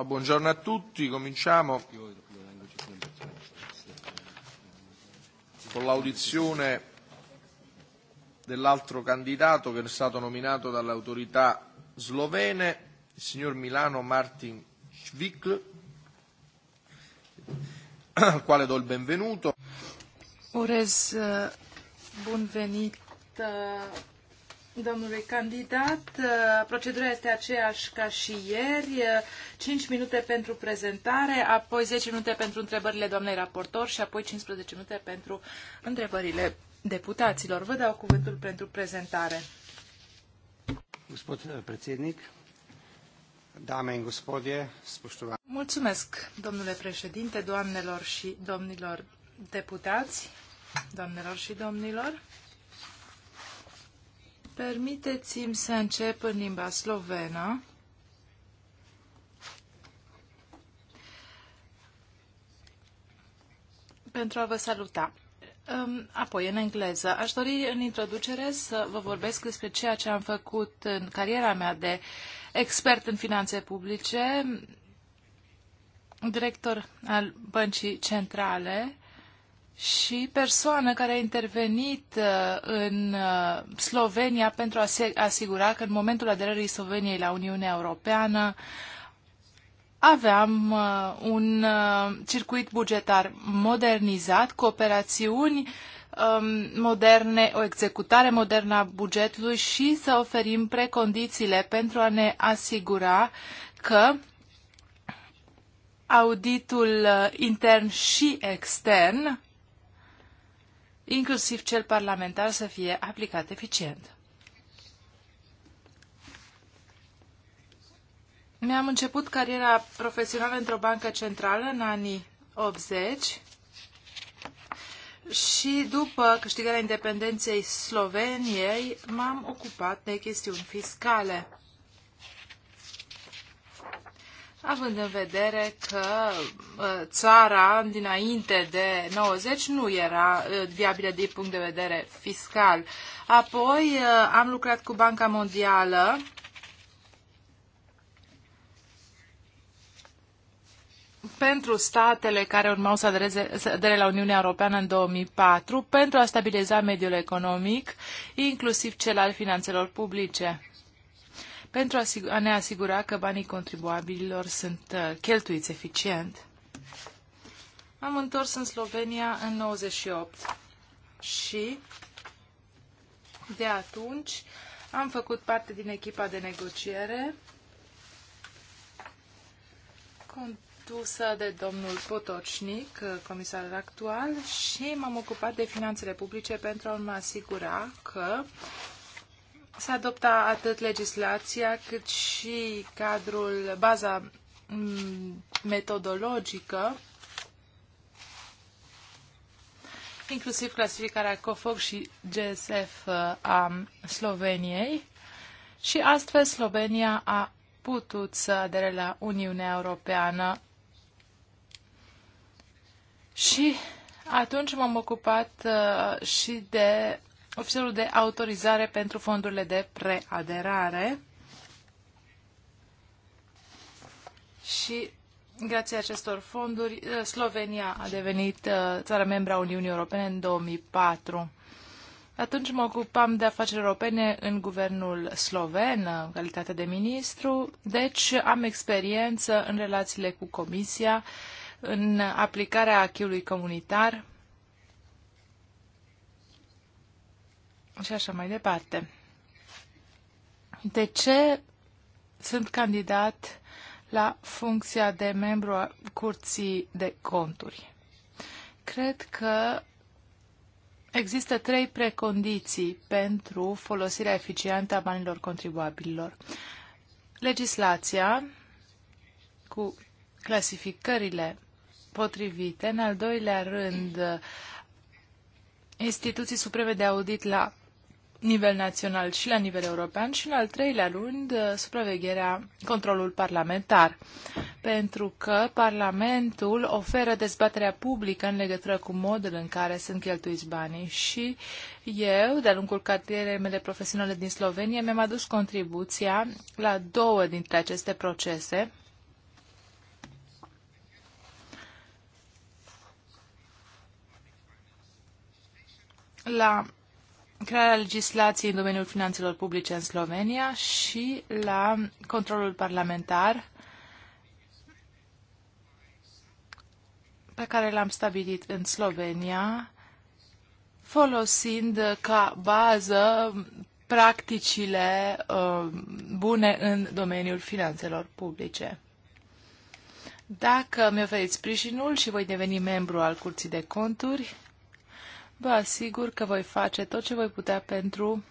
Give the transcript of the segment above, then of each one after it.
No, buongiorno a tutti, cominciamo con l'audizione dell'altro candidato che è stato nominato dalle autorità slovene, il signor Milano Martin Schwickl, al quale do il benvenuto. Ores, uh, eh, domnului candidat. Procedura este aceeași ca și ieri. 5 minute pentru prezentare, apoi 10 minute pentru întrebările doamnei raportor și apoi 15 minute pentru întrebările deputaților. Vă dau cuvântul pentru prezentare. Gospod predsednik, dame în gospodie, spoștuvani. Mulțumesc, domnule președinte, doamnelor și domnilor deputați, doamnelor și domnilor. Permiteți-mi să încep în limba slovenă. pentru a vă saluta. Apoi, în engleză, aș dori în introducere să vă vorbesc despre ceea ce am făcut în cariera mea de expert în finanțe publice, director al Băncii Centrale și persoană care a intervenit uh, în uh, Slovenia pentru a se asigura că în momentul aderării Sloveniei la Uniunea Europeană aveam uh, un circuit bugetar modernizat cooperațiuni um, moderne, o executare modernă a bugetului și să oferim precondițiile pentru a ne asigura că auditul intern și extern inclusiv cel parlamentar, să fie aplicat eficient. Mi-am început cariera profesională într-o bancă centrală în anii 80 și după câștigarea independenței Sloveniei m-am ocupat de chestiuni fiscale având în vedere că uh, țara dinainte de 90 nu era uh, viabilă din punct de vedere fiscal. Apoi uh, am lucrat cu Banca Mondială pentru statele care urmau să adereze, să adere la Uniunea Europeană în 2004 pentru a stabiliza mediul economic, inclusiv cel al finanțelor publice pentru a ne asigura că banii contribuabililor sunt uh, cheltuiți eficient. Am întors în Slovenia în 98 și de atunci am făcut parte din echipa de negociere condusă de domnul Potocnic, uh, comisarul actual, și m-am ocupat de finanțele publice pentru a mă asigura că S-a adoptat atât legislația cât și cadrul, baza mm, metodologică, inclusiv clasificarea COFOC și GSF a Sloveniei și astfel Slovenia a putut să adere la Uniunea Europeană. Și atunci m-am ocupat uh, și de ofițerul de autorizare pentru fondurile de preaderare. Și grație acestor fonduri, uh, Slovenia a devenit uh, țara membra Uniunii Europene în 2004. Atunci mă ocupam de afaceri europene în guvernul sloven, în calitate de ministru, deci am experiență în relațiile cu Comisia, în aplicarea acquis comunitar și așa mai departe. De ce sunt candidat la funcția de membru a Curții de Conturi? Cred că Există trei precondiții pentru folosirea eficientă a banilor contribuabililor. Legislația cu clasificările potrivite, în al doilea rând instituții supreme de audit la nivel național și la nivel european și, în al treilea rând, uh, supravegherea, controlul parlamentar. Pentru că Parlamentul oferă dezbaterea publică în legătură cu modul în care sunt cheltuiți banii și eu, de-a lungul cartierei mele profesionale din Slovenia, mi-am adus contribuția la două dintre aceste procese, la crearea legislației în domeniul finanțelor publice în Slovenia și la controlul parlamentar pe care l-am stabilit în Slovenia, folosind ca bază practicile uh, bune în domeniul finanțelor publice. Dacă mi oferiți sprijinul și voi deveni membru al Curții de Conturi, vă asigur că voi face tot ce voi putea pentru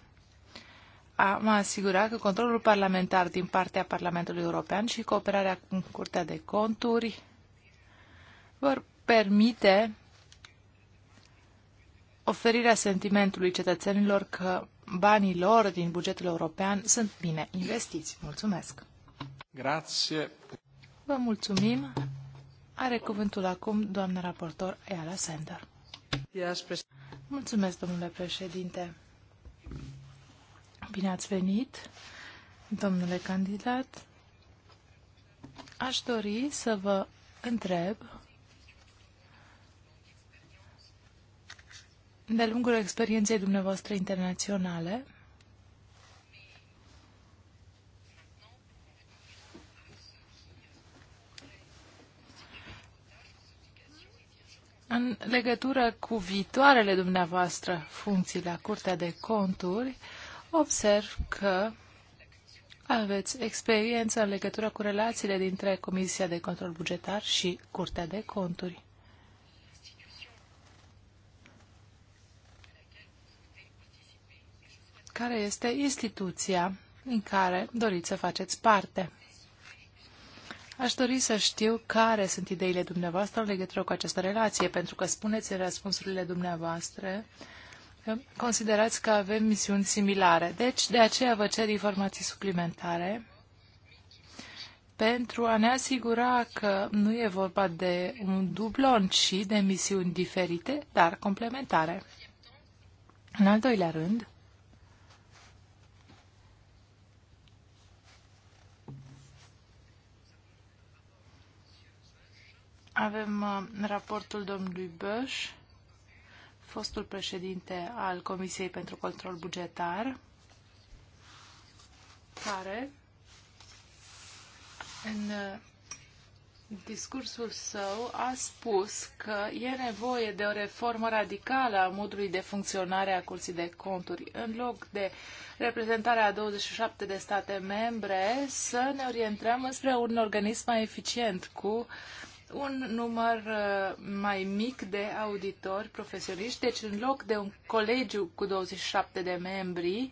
a mă asigura că controlul parlamentar din partea Parlamentului European și cooperarea cu Curtea de Conturi vor permite oferirea sentimentului cetățenilor că banii lor din bugetul european sunt bine investiți. Mulțumesc! Grazie. Vă mulțumim! Are cuvântul acum doamna raportor Eala Sender. Mulțumesc, domnule președinte. Bine ați venit, domnule candidat. Aș dori să vă întreb de lungul experienței dumneavoastră internaționale, În legătură cu viitoarele dumneavoastră funcții la Curtea de Conturi, observ că aveți experiență în legătură cu relațiile dintre Comisia de Control Bugetar și Curtea de Conturi. Care este instituția în care doriți să faceți parte? Aș dori să știu care sunt ideile dumneavoastră în legătură cu această relație, pentru că spuneți în răspunsurile dumneavoastră că considerați că avem misiuni similare. Deci, de aceea vă cer informații suplimentare pentru a ne asigura că nu e vorba de un dublon, ci de misiuni diferite, dar complementare. În al doilea rând, Avem uh, raportul domnului Băș, fostul președinte al Comisiei pentru Control Bugetar, care în uh, discursul său a spus că e nevoie de o reformă radicală a modului de funcționare a Curții de Conturi. În loc de reprezentarea a 27 de state membre, să ne orientăm spre un organism mai eficient cu uh, un număr uh, mai mic de auditori profesioniști, deci în loc de un colegiu cu 27 de membri,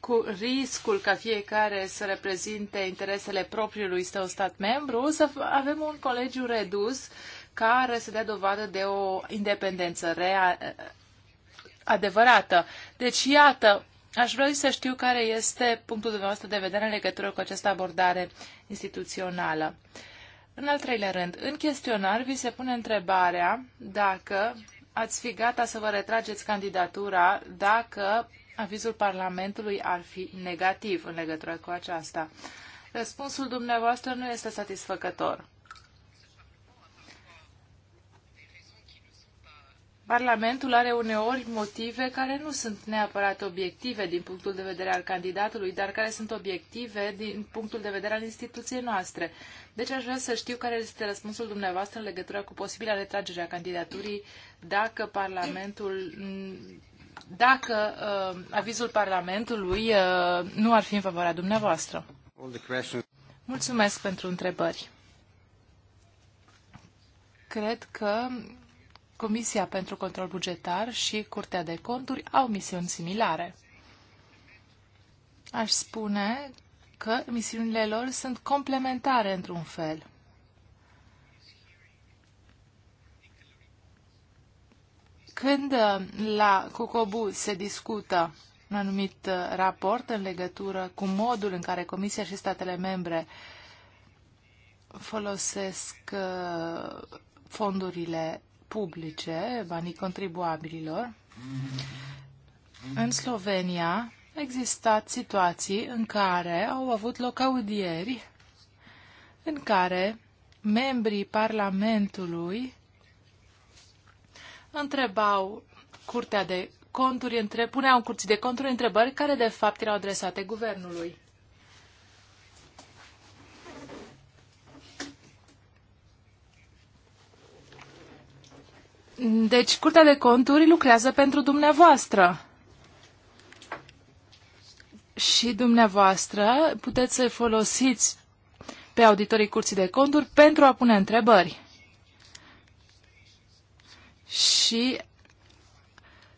cu riscul ca fiecare să reprezinte interesele propriului său stat membru, să avem un colegiu redus care să dea dovadă de o independență rea, adevărată. Deci, iată, Aș vrea să știu care este punctul dumneavoastră de vedere în legătură cu această abordare instituțională. În al treilea rând, în chestionar vi se pune întrebarea dacă ați fi gata să vă retrageți candidatura dacă avizul Parlamentului ar fi negativ în legătură cu aceasta. Răspunsul dumneavoastră nu este satisfăcător. Parlamentul are uneori motive care nu sunt neapărat obiective din punctul de vedere al candidatului, dar care sunt obiective din punctul de vedere al instituției noastre. Deci aș vrea să știu care este răspunsul dumneavoastră în legătură cu posibila retragere a candidaturii dacă Parlamentul dacă uh, avizul Parlamentului uh, nu ar fi în favoarea dumneavoastră. Mulțumesc pentru întrebări. Cred că Comisia pentru Control Bugetar și Curtea de Conturi au misiuni similare. Aș spune că misiunile lor sunt complementare într-un fel. Când uh, la COCOBU se discută un anumit uh, raport în legătură cu modul în care Comisia și statele membre folosesc uh, fondurile publice, banii contribuabililor, în Slovenia existat situații în care au avut loc audieri în care membrii Parlamentului întrebau curtea de conturi, între, puneau în curții de conturi întrebări care de fapt erau adresate guvernului. Deci, Curtea de Conturi lucrează pentru dumneavoastră. Și dumneavoastră puteți să folosiți pe auditorii Curții de Conturi pentru a pune întrebări. Și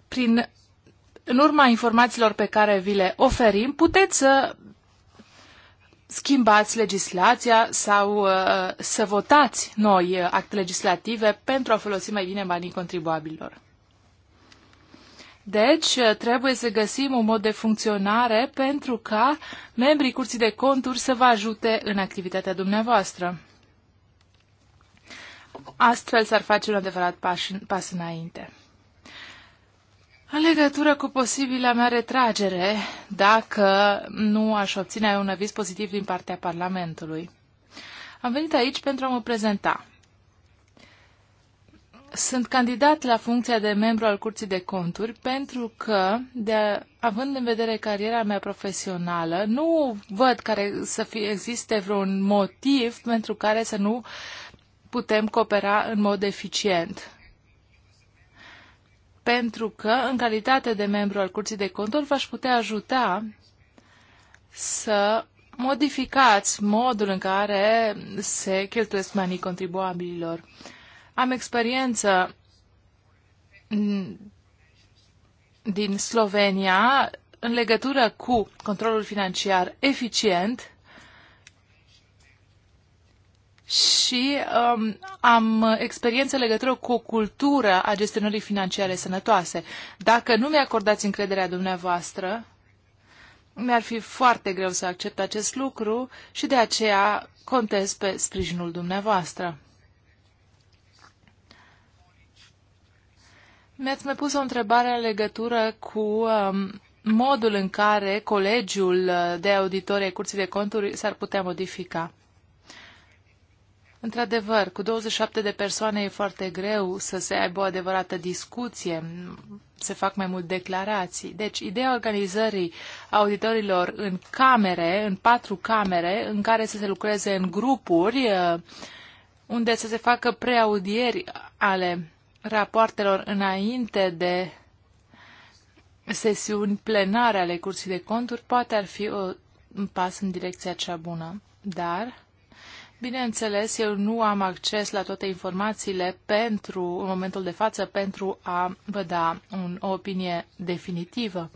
prin, în urma informațiilor pe care vi le oferim, puteți să schimbați legislația sau uh, să votați noi uh, acte legislative pentru a folosi mai bine banii contribuabililor. Deci, uh, trebuie să găsim un mod de funcționare pentru ca membrii Curții de Conturi să vă ajute în activitatea dumneavoastră. Astfel s-ar face un adevărat pas, pas înainte. În legătură cu posibila mea retragere, dacă nu aș obține un aviz pozitiv din partea Parlamentului. Am venit aici pentru a mă prezenta. Sunt candidat la funcția de membru al Curții de Conturi pentru că, de, având în vedere cariera mea profesională, nu văd care să fie, existe vreun motiv pentru care să nu putem coopera în mod eficient pentru că, în calitate de membru al Curții de Conturi, v-aș putea ajuta să modificați modul în care se cheltuiesc banii contribuabililor. Am experiență din Slovenia în legătură cu controlul financiar eficient și um, am experiență legătură cu cultura a gestionării financiare sănătoase. Dacă nu mi-acordați încrederea dumneavoastră, mi-ar fi foarte greu să accept acest lucru și de aceea contez pe sprijinul dumneavoastră. Mi-ați mai pus o întrebare în legătură cu um, modul în care colegiul de auditorie Curții de Conturi s-ar putea modifica. Într-adevăr, cu 27 de persoane e foarte greu să se aibă o adevărată discuție, se fac mai mult declarații. Deci, ideea organizării auditorilor în camere, în patru camere, în care să se lucreze în grupuri, unde să se facă preaudieri ale rapoartelor înainte de sesiuni plenare ale Curții de Conturi, poate ar fi o, un pas în direcția cea bună, dar Bineînțeles, eu nu am acces la toate informațiile pentru, în momentul de față pentru a vă da un, o opinie definitivă.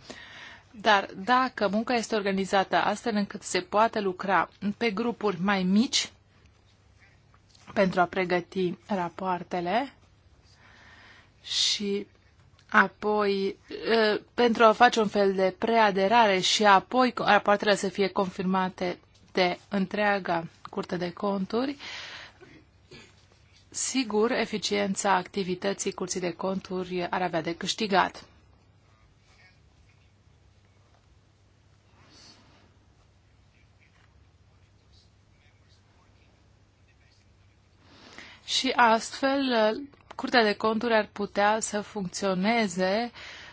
Dar dacă munca este organizată astfel încât se poate lucra pe grupuri mai mici pentru a pregăti rapoartele și apoi ă, pentru a face un fel de preaderare și apoi rapoartele să fie confirmate de întreaga curte de conturi. Sigur, eficiența activității curții de conturi ar avea de câștigat. Și astfel, Curtea de Conturi ar putea să funcționeze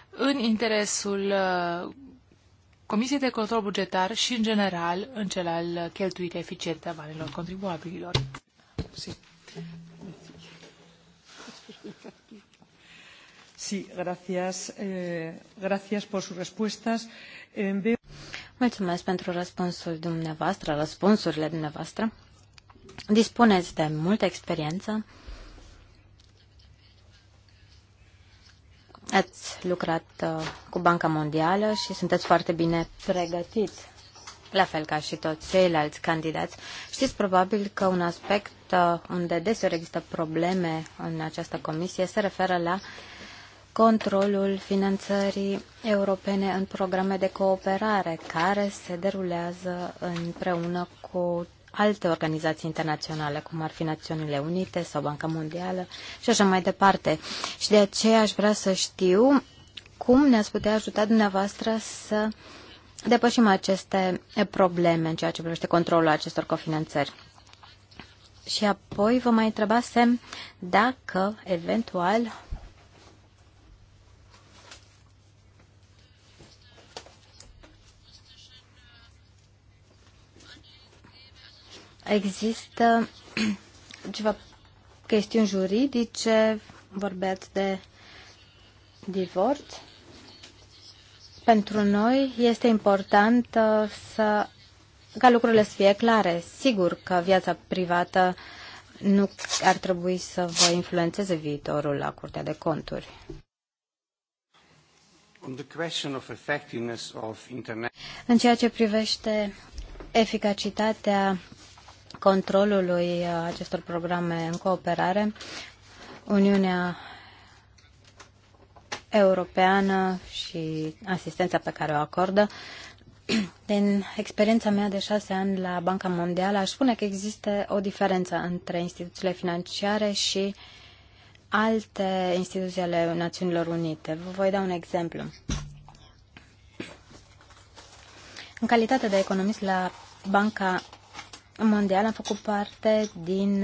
în interesul Comisiei de Control Bugetar și, în general, în cel al cheltuirii eficiente a banilor contribuabililor. Sí. Sí, gracias, eh, gracias por sus respuestas. Eh, Mulțumesc pentru răspunsul dumneavoastră, răspunsurile dumneavoastră. Dispuneți de multă experiență Ați lucrat uh, cu Banca Mondială și sunteți foarte bine pregătit, la fel ca și toți ceilalți candidați. Știți probabil că un aspect uh, unde deseori există probleme în această comisie se referă la controlul finanțării europene în programe de cooperare care se derulează împreună cu alte organizații internaționale, cum ar fi Națiunile Unite sau Banca Mondială și așa mai departe. Și de aceea aș vrea să știu cum ne-ați putea ajuta dumneavoastră să depășim aceste probleme în ceea ce privește controlul acestor cofinanțări. Și apoi vă mai Sem, dacă, eventual, Există ceva chestiuni juridice, vorbeați de divorț. Pentru noi este important uh, să, ca lucrurile să fie clare. Sigur că viața privată nu ar trebui să vă influențeze viitorul la Curtea de Conturi. În ceea ce privește eficacitatea controlului uh, acestor programe în cooperare, Uniunea Europeană și asistența pe care o acordă. Din experiența mea de șase ani la Banca Mondială, aș spune că există o diferență între instituțiile financiare și alte instituții ale Națiunilor Unite. Vă voi da un exemplu. În calitate de economist la Banca mondial a făcut parte din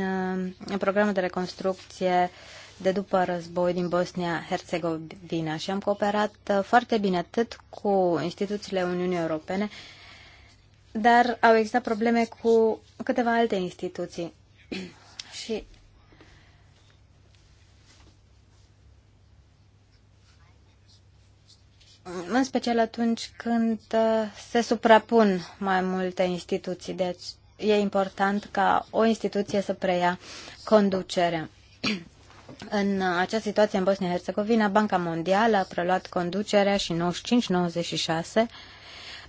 uh, programul de reconstrucție de după război din Bosnia-Herzegovina și am cooperat uh, foarte bine atât cu instituțiile Uniunii Europene, dar au existat probleme cu câteva alte instituții. și în special atunci când uh, se suprapun mai multe instituții. Deci e important ca o instituție să preia conducerea. În această situație în Bosnia-Herzegovina, Banca Mondială a preluat conducerea și 95-96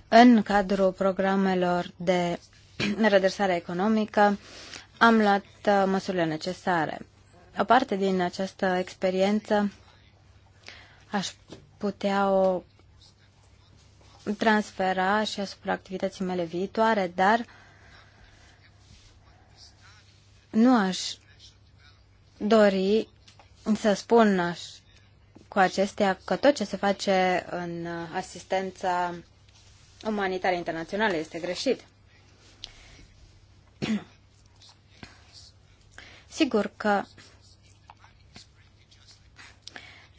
în cadrul programelor de redresare economică am luat uh, măsurile necesare. O parte din această experiență aș putea o transfera și asupra activității mele viitoare, dar nu aș dori să spun aș, cu acestea că tot ce se face în asistența umanitară internațională este greșit. Sigur că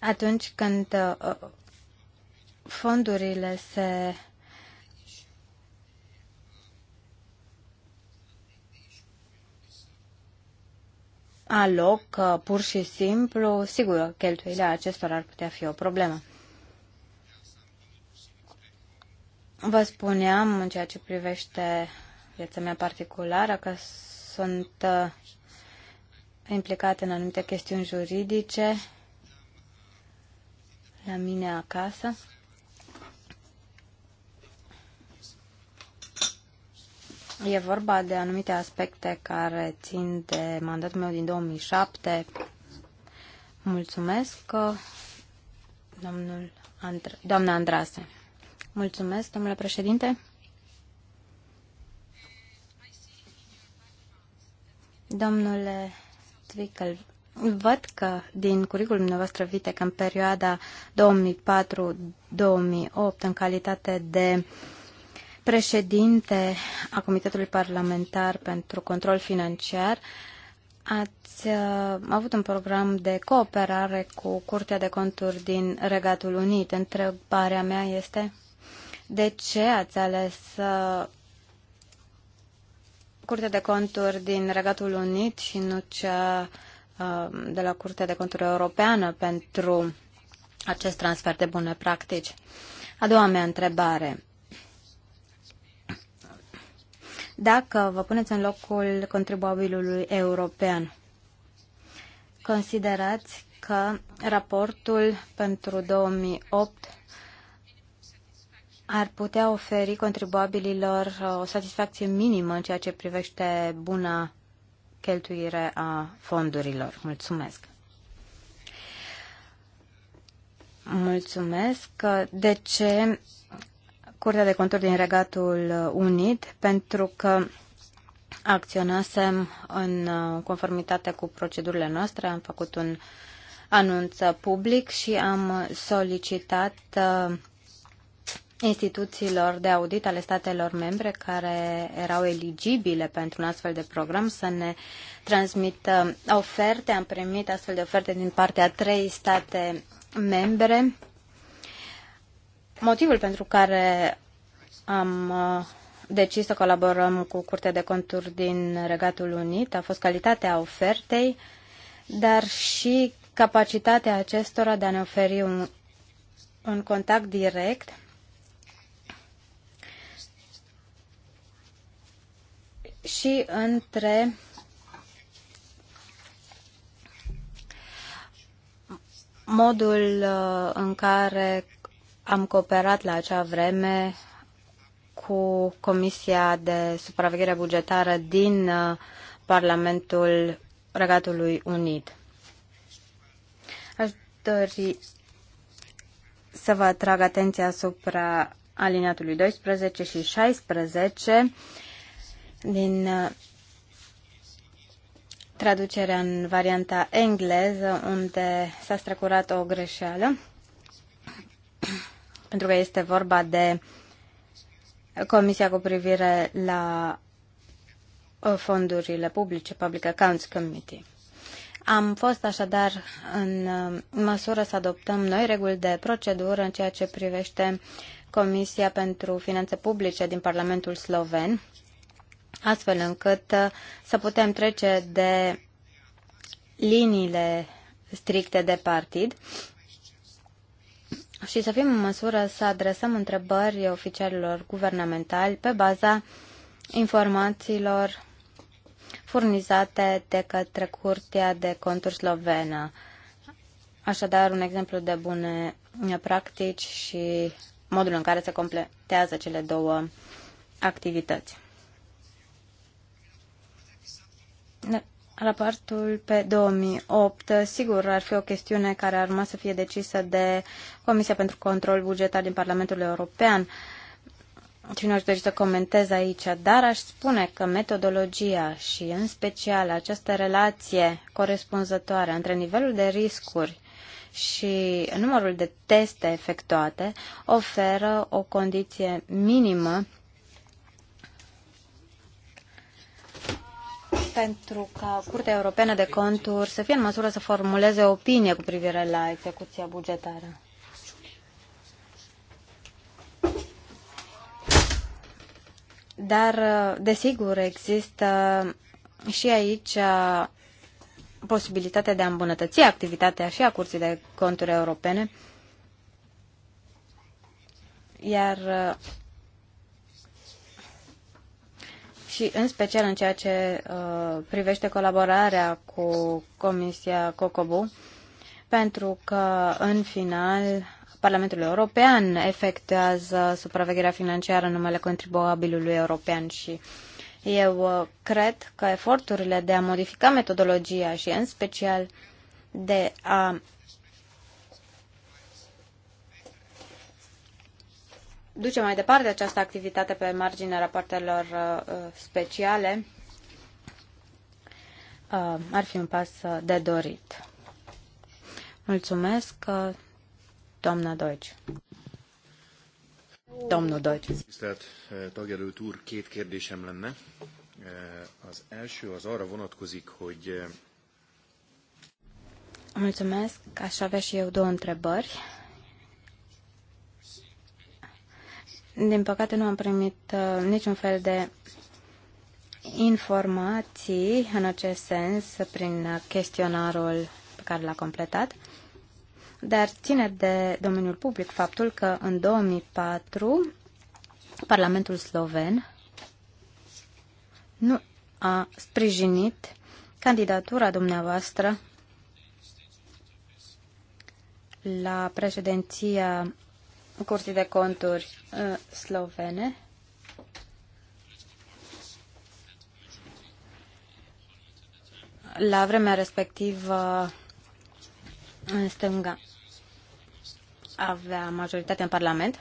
atunci când uh, uh, fondurile se aloc pur și simplu, sigur, cheltuielile acestor ar putea fi o problemă. Vă spuneam în ceea ce privește viața mea particulară că sunt uh, implicat în anumite chestiuni juridice la mine acasă. E vorba de anumite aspecte care țin de mandatul meu din 2007. Mulțumesc, domnul Andr- doamna Andrase. Mulțumesc, domnule președinte. Domnule Twickel, văd că din curicul dumneavoastră vite că în perioada 2004-2008, în calitate de uh, președinte a Comitetului Parlamentar pentru Control Financiar, ați uh, avut un program de cooperare cu Curtea de Conturi din Regatul Unit. Întrebarea mea este de ce ați ales uh, Curtea de Conturi din Regatul Unit și nu cea uh, de la Curtea de Conturi Europeană pentru acest transfer de bune practici? A doua mea întrebare dacă vă puneți în locul contribuabilului european. Considerați că raportul pentru 2008 ar putea oferi contribuabililor uh, o satisfacție minimă în ceea ce privește buna cheltuire a fondurilor. Mulțumesc! Mulțumesc! De ce Curtea de Conturi din Regatul Unit pentru că acționasem în uh, conformitate cu procedurile noastre, am făcut un anunț public și am solicitat uh, instituțiilor de audit ale statelor membre care erau eligibile pentru un astfel de program să ne transmită oferte. Am primit astfel de oferte din partea trei state membre Motivul pentru care am uh, decis să colaborăm cu Curtea de Conturi din Regatul Unit a fost calitatea ofertei, dar și capacitatea acestora de a ne oferi un, un contact direct și între modul uh, în care am cooperat la acea vreme cu Comisia de Supraveghere Bugetară din uh, Parlamentul Regatului Unit. Aș dori să vă atrag atenția asupra aliniatului 12 și 16 din uh, traducerea în varianta engleză, unde s-a strecurat o greșeală pentru că este vorba de Comisia cu privire la uh, fondurile publice, Public Accounts Committee. Am fost așadar în uh, măsură să adoptăm noi reguli de procedură în ceea ce privește Comisia pentru Finanțe Publice din Parlamentul Sloven, astfel încât uh, să putem trece de liniile stricte de partid și să fim în măsură să adresăm întrebări oficialilor guvernamentali pe baza informațiilor furnizate de către Curtea de Conturi Slovenă. Așadar, un exemplu de bune practici și modul în care se completează cele două activități. Raportul pe 2008, sigur, ar fi o chestiune care ar urma să fie decisă de Comisia pentru Control Bugetar din Parlamentul European. cine aș dori să comentez aici, dar aș spune că metodologia și, în special, această relație corespunzătoare între nivelul de riscuri și numărul de teste efectuate oferă o condiție minimă pentru ca Curtea Europeană de Conturi să fie în măsură să formuleze o opinie cu privire la execuția bugetară. Dar, desigur, există și aici posibilitatea de a îmbunătăți activitatea și a Curții de Conturi Europene, iar și în special în ceea ce uh, privește colaborarea cu Comisia COCOBU, pentru că în final Parlamentul European efectuează supravegherea financiară în numele contribuabilului european și eu uh, cred că eforturile de a modifica metodologia și în special de a duce mai departe această activitate pe marginea rapoartelor uh, uh, speciale, uh, ar fi un pas de dorit. Mulțumesc, doamna Deutsch. Domnul Deutsch. Tisztelt tagjelölt úr, két kérdésem lenne. Az első az arra vonatkozik, hogy Mulțumesc, aș avea și eu două întrebări. Din păcate nu am primit uh, niciun fel de informații în acest sens prin uh, chestionarul pe care l-a completat, dar ține de domeniul public faptul că în 2004 Parlamentul sloven nu a sprijinit candidatura dumneavoastră la președinția Curții de Conturi uh, slovene. La vremea respectivă, în stânga, avea majoritate în Parlament,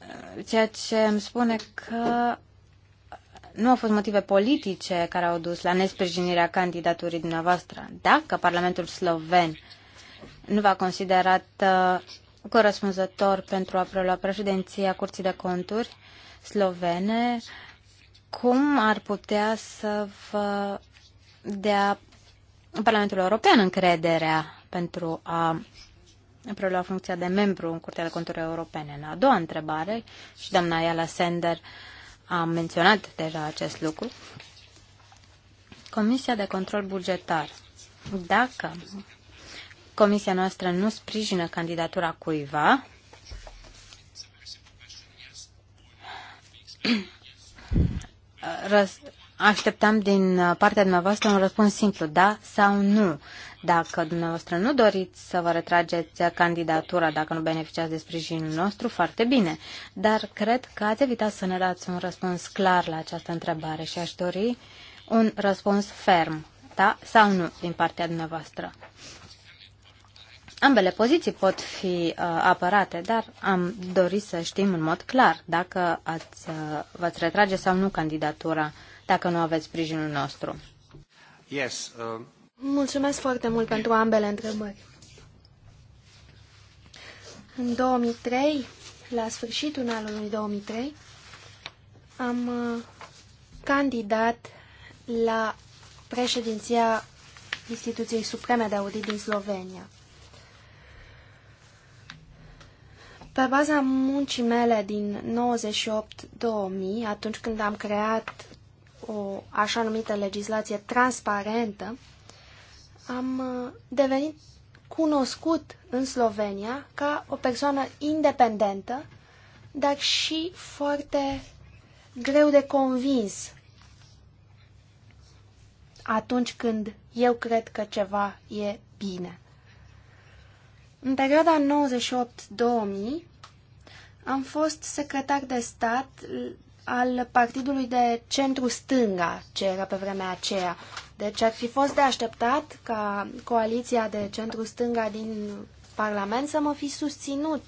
uh, ceea ce îmi spune că nu au fost motive politice care au dus la nesprijinirea candidaturii dumneavoastră. Dacă Parlamentul sloven nu va considera. considerat corespunzător pentru a prelua președinția Curții de Conturi slovene, cum ar putea să vă dea Parlamentul European încrederea pentru a prelua funcția de membru în Curtea de Conturi Europene? În a doua întrebare, și doamna Iala Sender a menționat deja acest lucru, Comisia de Control Bugetar. Dacă comisia noastră nu sprijină candidatura cuiva, așteptam din partea dumneavoastră un răspuns simplu, da sau nu. Dacă dumneavoastră nu doriți să vă retrageți candidatura, dacă nu beneficiați de sprijinul nostru, foarte bine. Dar cred că ați evitat să ne dați un răspuns clar la această întrebare și aș dori un răspuns ferm, da sau nu, din partea dumneavoastră. Ambele poziții pot fi uh, apărate, dar am dorit să știm în mod clar dacă ați, uh, v-ați retrage sau nu candidatura, dacă nu aveți sprijinul nostru. Yes, uh... Mulțumesc foarte mult pentru ambele întrebări. În 2003, la sfârșitul anului 2003, am uh, candidat la președinția Instituției Supreme de Audit din Slovenia. Pe baza muncii mele din 98-2000, atunci când am creat o așa numită legislație transparentă, am uh, devenit cunoscut în Slovenia ca o persoană independentă, dar și foarte greu de convins atunci când eu cred că ceva e bine. În perioada 98-2000 am fost secretar de stat al partidului de centru-stânga, ce era pe vremea aceea. Deci ar fi fost de așteptat ca coaliția de centru-stânga din Parlament să mă fi susținut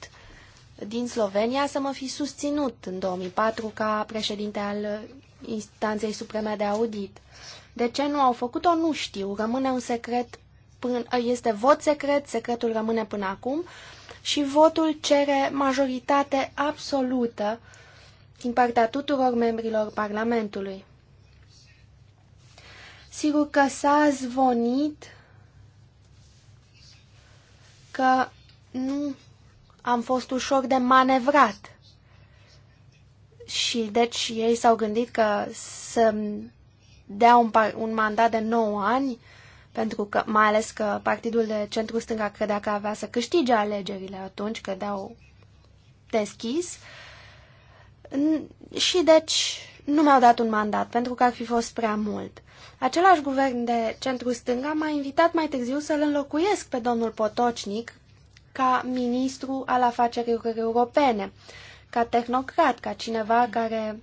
din Slovenia să mă fi susținut în 2004 ca președinte al instanței supreme de audit. De ce nu au făcut-o, nu știu. Rămâne un secret până este vot secret, secretul rămâne până acum și votul cere majoritate absolută din partea tuturor membrilor Parlamentului. Sigur că s-a zvonit că nu am fost ușor de manevrat. Și deci ei s-au gândit că să dea un, un mandat de 9 ani pentru că, mai ales că partidul de centru-stânga credea că avea să câștige alegerile atunci, credeau deschis. Și deci nu mi-au dat un mandat, pentru că ar fi fost prea mult. Același guvern de centru-stânga m-a invitat mai târziu să-l înlocuiesc pe domnul Potocnic ca ministru al afacerilor europene, ca tehnocrat, ca cineva care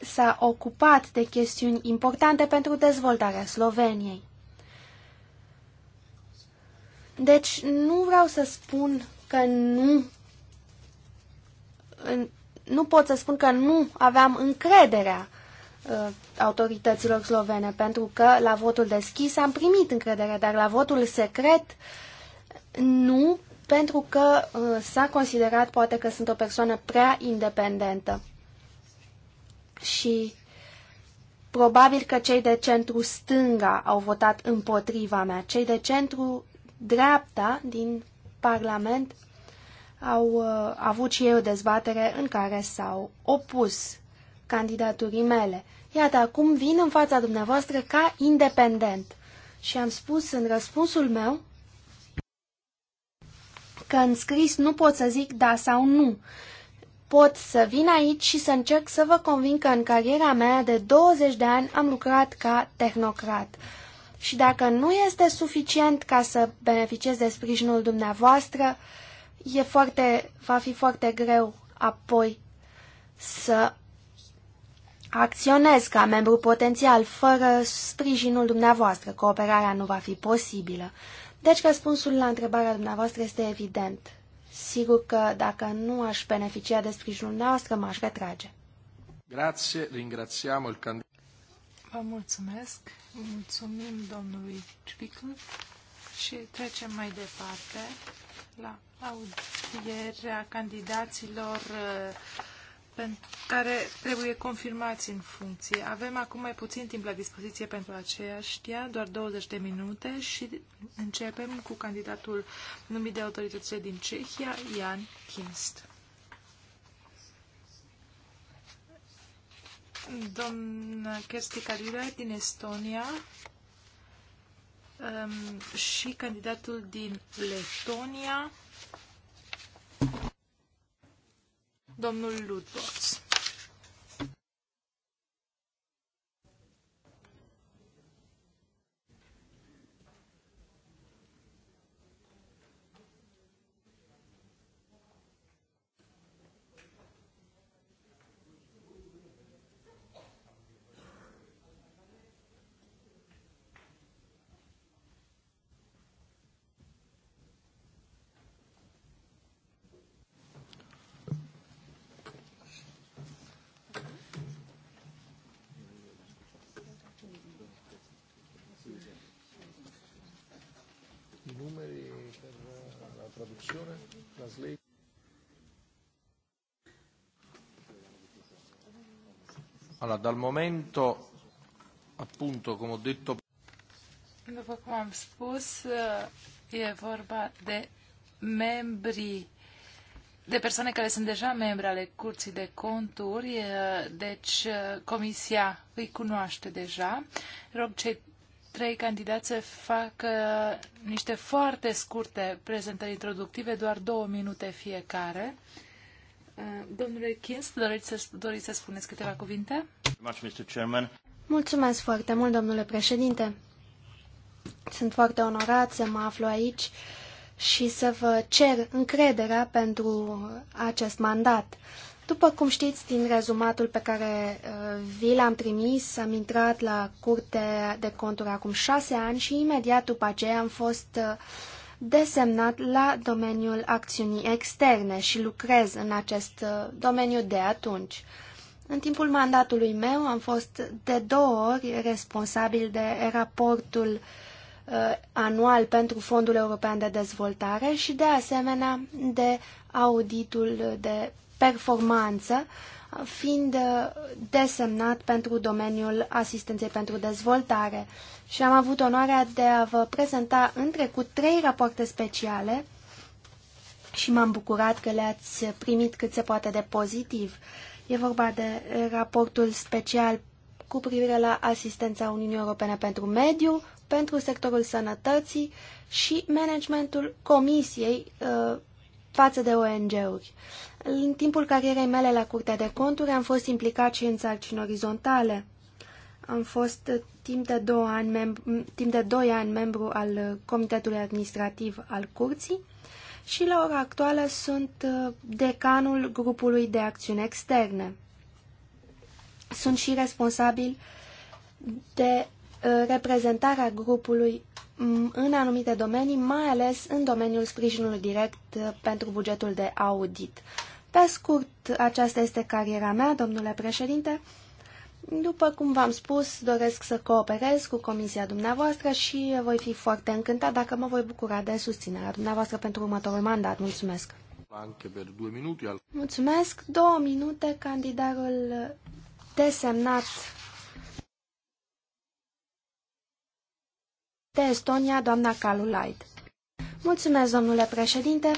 s-a ocupat de chestiuni importante pentru dezvoltarea Sloveniei. Deci nu vreau să spun că nu nu pot să spun că nu aveam încrederea uh, autorităților slovene, pentru că la votul deschis am primit încredere, dar la votul secret nu, pentru că uh, s-a considerat poate că sunt o persoană prea independentă și probabil că cei de centru stânga au votat împotriva mea. Cei de centru dreapta din Parlament au uh, avut și ei o dezbatere în care s-au opus candidaturii mele. Iată, acum vin în fața dumneavoastră ca independent. Și am spus în răspunsul meu că în scris nu pot să zic da sau nu, pot să vin aici și să încerc să vă convin că în cariera mea de 20 de ani am lucrat ca tehnocrat. Și dacă nu este suficient ca să beneficiez de sprijinul dumneavoastră, e foarte, va fi foarte greu apoi să acționez ca membru potențial fără sprijinul dumneavoastră. Cooperarea nu va fi posibilă. Deci răspunsul la întrebarea dumneavoastră este evident. Sigur că dacă nu aș beneficia de sprijinul noastră, m-aș retrage. Grazie, ringraziamo il candidat. Vă mulțumesc, mulțumim domnului Cipicl și trecem mai departe la audierea candidaților uh, care trebuie confirmați în funcție. Avem acum mai puțin timp la dispoziție pentru aceștia, doar 20 de minute și începem cu candidatul numit de autoritățile din Cehia, Jan Kinst. Doamna Kersti Karila din Estonia um, și candidatul din Letonia, domnul Ludvox. Allora, dal momento, appunto, come ho detto... După cum am spus, e vorba de membri, de persoane care sunt deja membri ale curții de conturi, deci comisia îi cunoaște deja. Rog cei trei candidați să facă niște foarte scurte prezentări introductive, doar două minute fiecare. Eh, domnule Kins, doriți să, doriți să spuneți câteva cuvinte? Mulțumesc foarte mult, domnule președinte. Sunt foarte onorat să mă aflu aici și să vă cer încrederea pentru acest mandat. După cum știți din rezumatul pe care eh, vi l-am trimis, am intrat la curte de conturi acum șase ani și imediat după aceea am fost uh, desemnat la domeniul acțiunii externe și lucrez în acest uh, domeniu de atunci. În timpul mandatului meu am fost de două ori responsabil de raportul uh, anual pentru Fondul European de Dezvoltare și de asemenea de auditul de performanță uh, fiind uh, desemnat pentru domeniul asistenței pentru dezvoltare și am avut onoarea de a vă prezenta în trecut trei rapoarte speciale și m-am bucurat că le-ați primit cât se poate de pozitiv. E vorba de raportul special cu privire la asistența Uniunii Europene pentru mediu, pentru sectorul sănătății și managementul Comisiei uh, față de ONG-uri. În timpul carierei mele la Curtea de Conturi am fost implicat și în sarcini orizontale. Am fost timp de, două ani membru, timp de doi ani membru al Comitetului Administrativ al Curții și la ora actuală sunt uh, decanul grupului de acțiune externe. Sunt și responsabil de uh, reprezentarea grupului în anumite domenii, mai ales în domeniul sprijinului direct uh, pentru bugetul de audit. Pe scurt, aceasta este cariera mea, domnule președinte. După cum v-am spus, doresc să cooperez cu comisia dumneavoastră și voi fi foarte încântat dacă mă voi bucura de susținerea dumneavoastră pentru următorul mandat. Mulțumesc! Mulțumesc! Două minute, candidatul desemnat de Estonia, doamna Kalulaid. Mulțumesc, domnule președinte!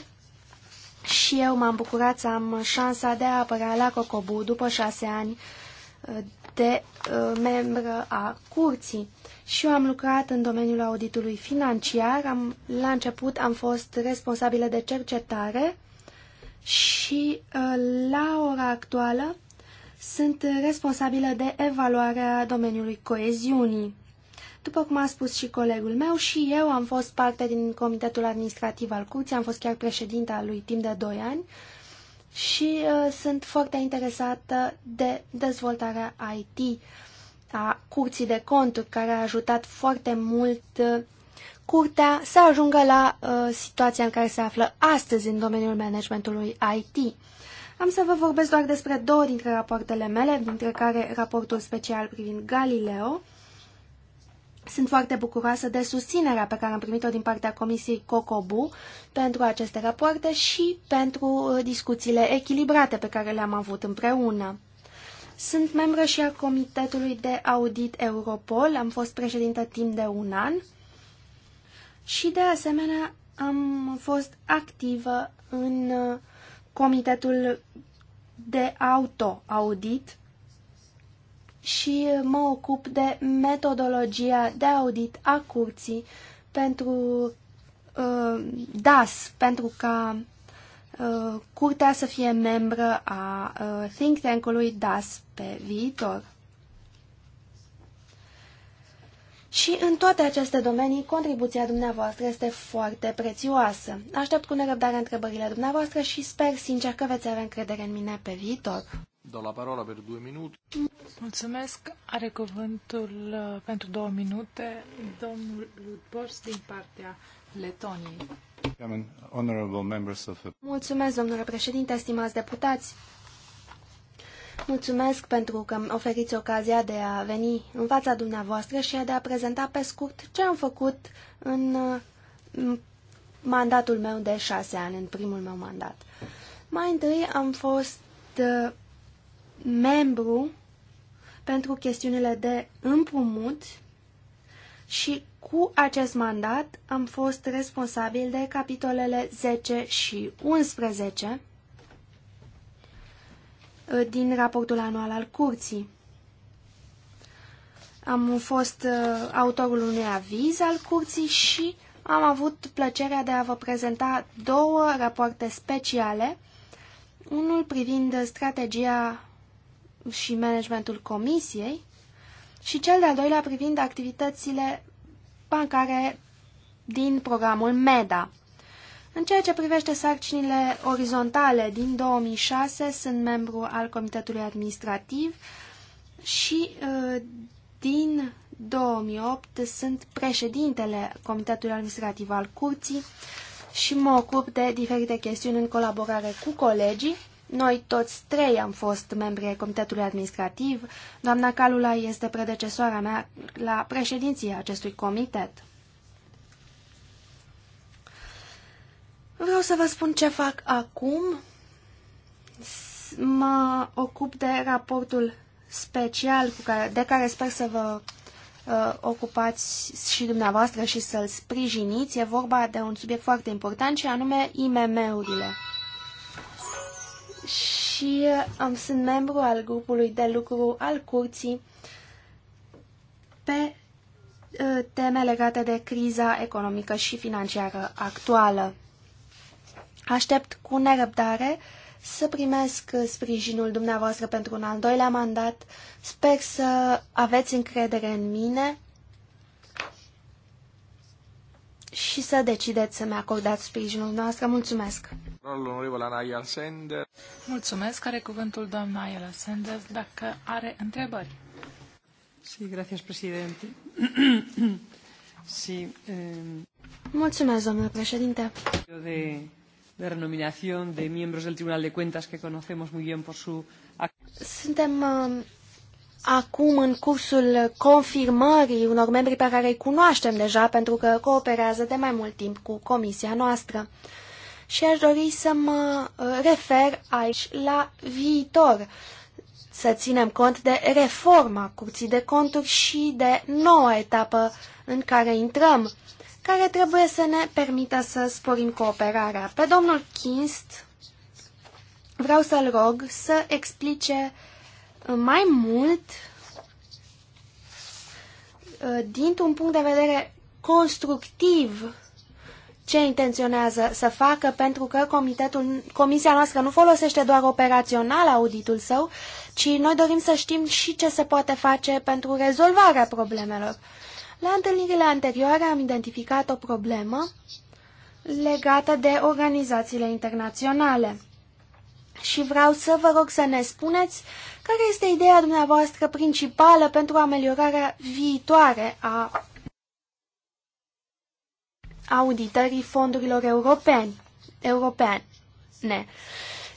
Și eu m-am bucurat să am șansa de a apăra la Cocobu după șase ani uh, de uh, membră a curții. Și eu am lucrat în domeniul auditului financiar. Am, la început am fost responsabilă de cercetare și uh, la ora actuală sunt responsabilă de evaluarea domeniului coeziunii. După cum a spus și colegul meu, și eu am fost parte din comitetul administrativ al curții, am fost chiar președinta lui timp de 2 ani și uh, sunt foarte interesată de dezvoltarea IT a curții de conturi, care a ajutat foarte mult uh, curtea să ajungă la uh, situația în care se află astăzi în domeniul managementului IT. Am să vă vorbesc doar despre două dintre rapoartele mele, dintre care raportul special privind Galileo sunt foarte bucuroasă de susținerea pe care am primit-o din partea Comisiei COCOBU pentru aceste rapoarte și pentru uh, discuțiile echilibrate pe care le-am avut împreună. Sunt membră și a Comitetului de Audit Europol, am fost președintă timp de un an și de asemenea am fost activă în uh, Comitetul de Auto-Audit și mă ocup de metodologia de audit a curții pentru uh, DAS, pentru ca uh, curtea să fie membră a uh, think tank-ului DAS pe viitor. Și în toate aceste domenii, contribuția dumneavoastră este foarte prețioasă. Aștept cu nerăbdare întrebările dumneavoastră și sper sincer că veți avea încredere în mine pe viitor. Dau la parola per Mulțumesc. Are cuvântul uh, pentru două minute domnul Ludbors din partea Letoniei. Mulțumesc, domnule președinte, stimați deputați. Mulțumesc pentru că îmi oferiți ocazia de a veni în fața dumneavoastră și de a prezenta pe scurt ce am făcut în uh, mandatul meu de șase ani, în primul meu mandat. Mai întâi am fost uh, membru pentru chestiunile de împrumut și cu acest mandat am fost responsabil de capitolele 10 și 11 ă, din raportul anual al curții. Am fost ă, autorul unui aviz al curții și am avut plăcerea de a vă prezenta două rapoarte speciale, unul privind strategia și managementul comisiei și cel de-al doilea privind activitățile bancare din programul MEDA. În ceea ce privește sarcinile orizontale, din 2006 sunt membru al Comitetului Administrativ și uh, din 2008 sunt președintele Comitetului Administrativ al Curții și mă ocup de diferite chestiuni în colaborare cu colegii noi toți trei am fost membri ai Comitetului Administrativ. Doamna Calula este predecesoara mea la președinția acestui comitet. Vreau să vă spun ce fac acum. Mă ocup de raportul special cu care, de care sper să vă uh, ocupați și dumneavoastră și să-l sprijiniți. E vorba de un subiect foarte important și anume IMM-urile și uh, am, sunt membru al grupului de lucru al curții pe uh, teme legate de criza economică și financiară actuală. Aștept cu nerăbdare să primesc uh, sprijinul dumneavoastră pentru un al doilea mandat. Sper să aveți încredere în mine și să decideți să-mi acordați sprijinul noastră. Mulțumesc! Mulțumesc! Are cuvântul doamna Ayala Sanders dacă are întrebări. Sí, gracias, presidente. sí, eh... Mulțumesc, doamna președinte. De, de renominación de miembros del Tribunal de Cuentas que conocemos muy bien por su... Suntem uh acum în cursul confirmării unor membri pe care îi cunoaștem deja pentru că cooperează de mai mult timp cu comisia noastră. Și aș dori să mă uh, refer aici la viitor, să ținem cont de reforma curții de conturi și de noua etapă în care intrăm, care trebuie să ne permită să sporim cooperarea. Pe domnul Kinst vreau să-l rog să explice uh, mai mult, uh, dintr-un punct de vedere constructiv, ce intenționează să facă, pentru că comitetul, comisia noastră nu folosește doar operațional auditul său, ci noi dorim să știm și ce se poate face pentru rezolvarea problemelor. La întâlnirile anterioare am identificat o problemă legată de organizațiile internaționale. Și vreau să vă rog să ne spuneți care este ideea dumneavoastră principală pentru ameliorarea viitoare a auditării fondurilor europeni, europene?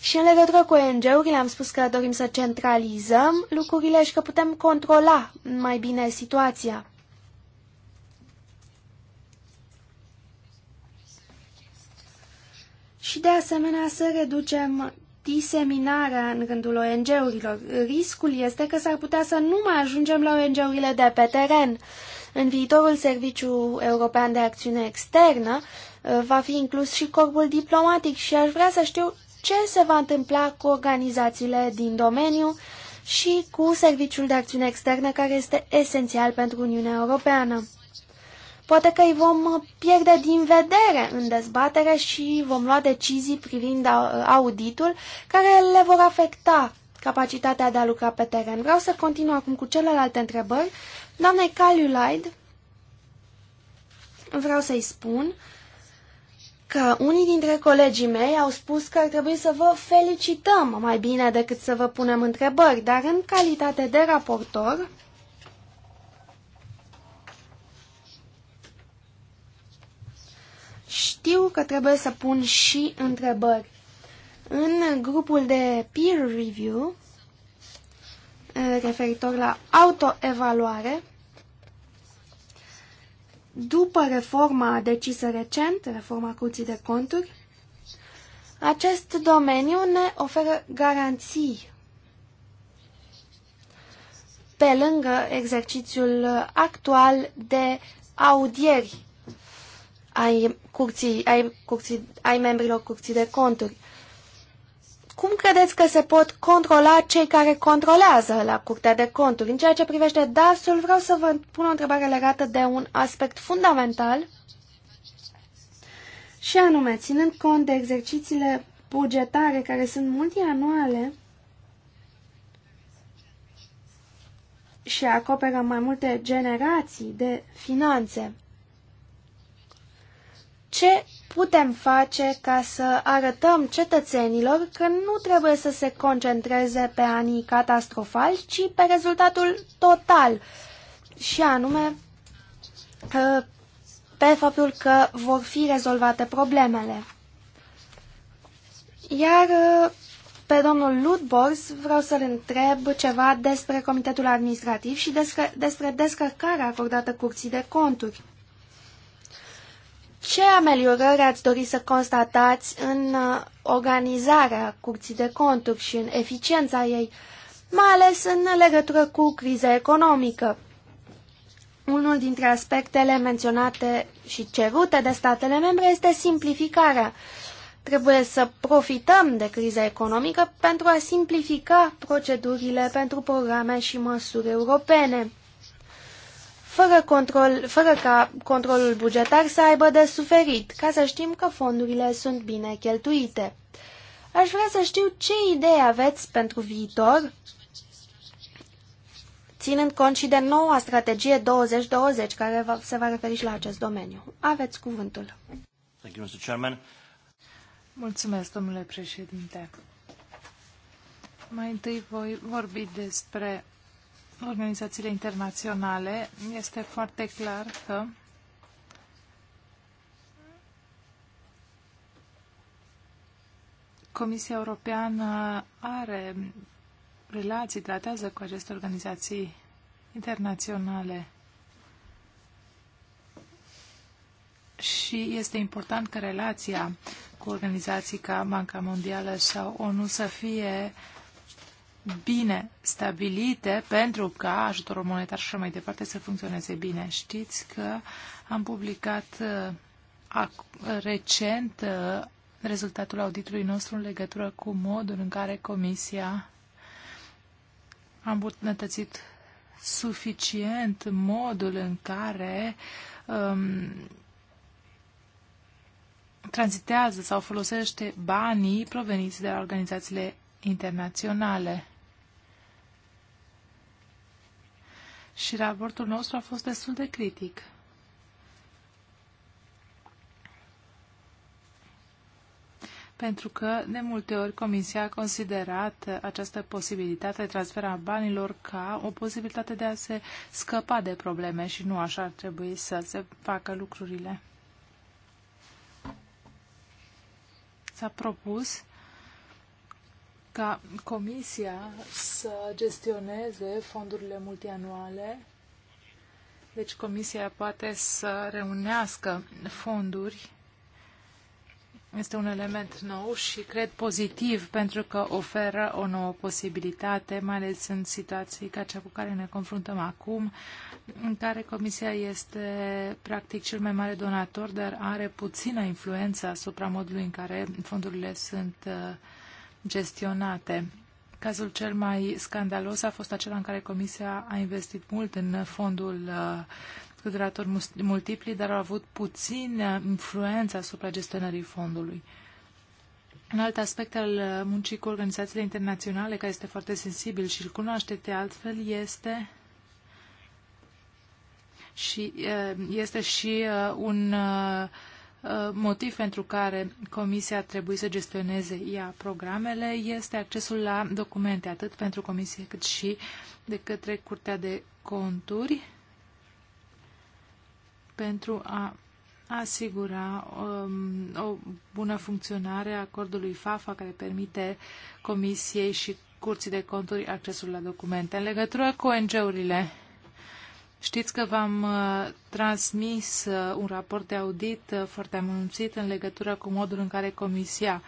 Și în legătură cu ONG-urile am spus că dorim să centralizăm lucrurile și că putem controla mai bine situația. Și de asemenea să reducem diseminarea în rândul ONG-urilor. Riscul este că s-ar putea să nu mai ajungem la ONG-urile de pe teren. În viitorul Serviciu European de Acțiune Externă uh, va fi inclus și corpul diplomatic și aș vrea să știu ce se va întâmpla cu organizațiile din domeniu și cu Serviciul de Acțiune Externă care este esențial pentru Uniunea Europeană. Poate că îi vom pierde din vedere în dezbatere și vom lua decizii privind uh, auditul care le vor afecta capacitatea de a lucra pe teren. Vreau să continu acum cu celelalte întrebări. Doamnei Caliulaid, vreau să-i spun că unii dintre colegii mei au spus că ar trebui să vă felicităm mai bine decât să vă punem întrebări, dar în calitate de raportor Știu că trebuie să pun și întrebări. În grupul de peer review, eh, referitor la autoevaluare, după reforma decisă recent, reforma Curții de Conturi, acest domeniu ne oferă garanții pe lângă exercițiul actual de audieri ai, curții, ai, curții, ai membrilor curții de conturi. Cum credeți că se pot controla cei care controlează la Curtea de Conturi? În ceea ce privește DAS-ul, vreau să vă pun o întrebare legată de un aspect fundamental și anume, ținând cont de exercițiile bugetare care sunt multianuale și acoperă mai multe generații de finanțe, ce putem face ca să arătăm cetățenilor că nu trebuie să se concentreze pe anii catastrofali, ci pe rezultatul total, și anume pe faptul că vor fi rezolvate problemele. Iar pe domnul Ludbors vreau să-l întreb ceva despre Comitetul Administrativ și despre, despre descărcarea acordată Curții de Conturi. Ce ameliorări ați dori să constatați în uh, organizarea curții de conturi și în eficiența ei, mai ales în legătură cu criza economică? Unul dintre aspectele menționate și cerute de statele membre este simplificarea. Trebuie să profităm de criza economică pentru a simplifica procedurile pentru programe și măsuri europene fără, control, fără ca controlul bugetar să aibă de suferit, ca să știm că fondurile sunt bine cheltuite. Aș vrea să știu ce idei aveți pentru viitor, ținând cont și de noua strategie 2020, care va, se va referi și la acest domeniu. Aveți cuvântul. Thank you, Mr. Chairman. Mulțumesc, domnule președinte. Mai întâi voi vorbi despre organizațiile internaționale, este foarte clar că Comisia Europeană are relații, tratează cu aceste organizații internaționale. Și este important că relația cu organizații ca Banca Mondială sau ONU să fie bine stabilite pentru ca ajutorul monetar și mai departe să funcționeze bine. Știți că am publicat uh, recent uh, rezultatul auditului nostru în legătură cu modul în care Comisia a îmbunătățit suficient modul în care um, tranzitează sau folosește banii proveniți de la organizațiile internaționale. și raportul nostru a fost destul de critic. Pentru că, de multe ori, Comisia a considerat această posibilitate de transfer a banilor ca o posibilitate de a se scăpa de probleme și nu așa ar trebui să se facă lucrurile. S-a propus ca Comisia să gestioneze fondurile multianuale. Deci Comisia poate să reunească fonduri. Este un element nou și cred pozitiv pentru că oferă o nouă posibilitate, mai ales în situații ca cea cu care ne confruntăm acum, în care Comisia este practic cel mai mare donator, dar are puțină influență asupra modului în care fondurile sunt uh, gestionate. Cazul cel mai scandalos a fost acela în care Comisia a investit mult în fondul uh, cu duratori multipli, dar au avut puțină uh, influență asupra gestionării fondului. Un alt aspect al uh, muncii cu organizațiile internaționale, care este foarte sensibil și îl cunoașteți altfel, este și este și un motiv pentru care Comisia trebuie să gestioneze ea programele este accesul la documente, atât pentru Comisie cât și de către Curtea de Conturi, pentru a asigura um, o bună funcționare a acordului FAFA care permite Comisiei și Curții de Conturi accesul la documente. În legătură cu ONG-urile, Știți că v-am uh, transmis uh, un raport de audit uh, foarte amănunțit în legătură cu modul în care Comisia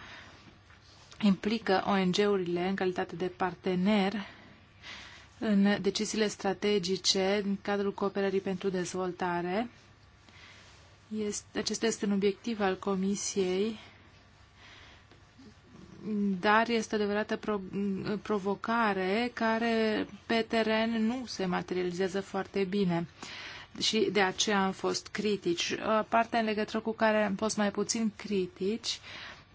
implică ONG-urile în calitate de partener în deciziile strategice în cadrul cooperării pentru dezvoltare. Este, acesta este un obiectiv al Comisiei dar este adevărată pro provocare care pe teren nu se materializează foarte bine și de aceea am fost critici. Partea în legătură cu care am fost mai puțin critici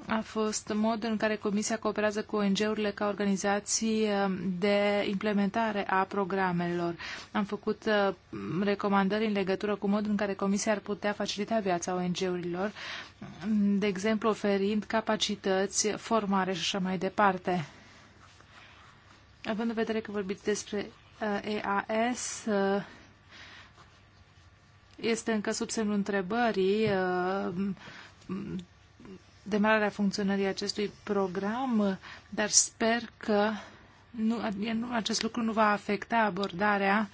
a fost modul în care Comisia cooperează cu ONG-urile ca organizații uh, de implementare a programelor. Am făcut uh, recomandări în legătură cu modul în care Comisia ar putea facilita viața ONG-urilor, de exemplu oferind capacități, formare și așa mai departe. Având în vedere că vorbiți despre uh, EAS, este încă sub semnul întrebării demararea funcționării acestui program, dar sper că nu, acest lucru nu va afecta abordarea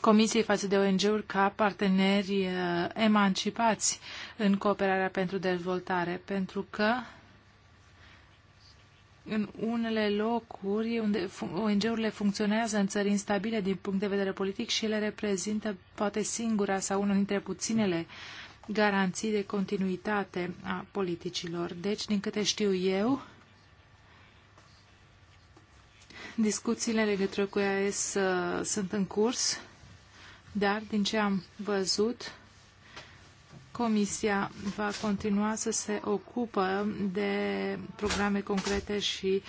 Comisiei față de ONG-uri ca parteneri uh, emancipați în cooperarea pentru dezvoltare, pentru că în unele locuri unde ONG-urile funcționează în țări instabile din punct de vedere politic și ele reprezintă poate singura sau unul dintre puținele uh, garanții de continuitate a politicilor. Deci, din câte știu eu, discuțiile legătură cu EAS uh, sunt în curs, dar din ce am văzut, Comisia va continua să se ocupă de programe concrete și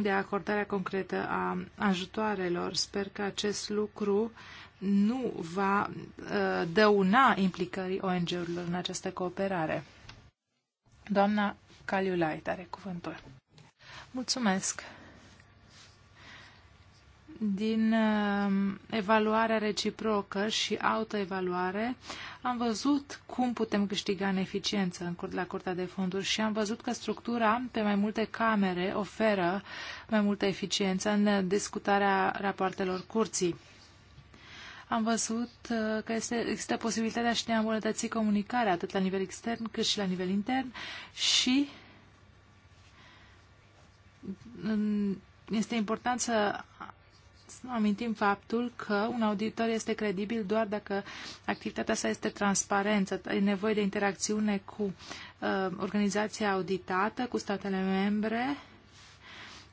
de acordarea concretă a ajutoarelor. Sper că acest lucru uh, nu va uh, dăuna implicării ONG-urilor în această cooperare. Doamna Caliulait are cuvântul. Mulțumesc! din uh, evaluarea reciprocă și autoevaluare, am văzut cum putem câștiga în eficiență în cur- la Curtea de Fonduri și am văzut că structura pe mai multe camere oferă mai multă eficiență în uh, discutarea rapoartelor curții am văzut uh, că este, există posibilitatea și de a îmbunătăți comunicarea atât la nivel extern cât și la nivel intern și este important să amintim faptul că un auditor este credibil doar dacă activitatea sa este transparentă, e nevoie de interacțiune cu uh, organizația auditată, cu statele membre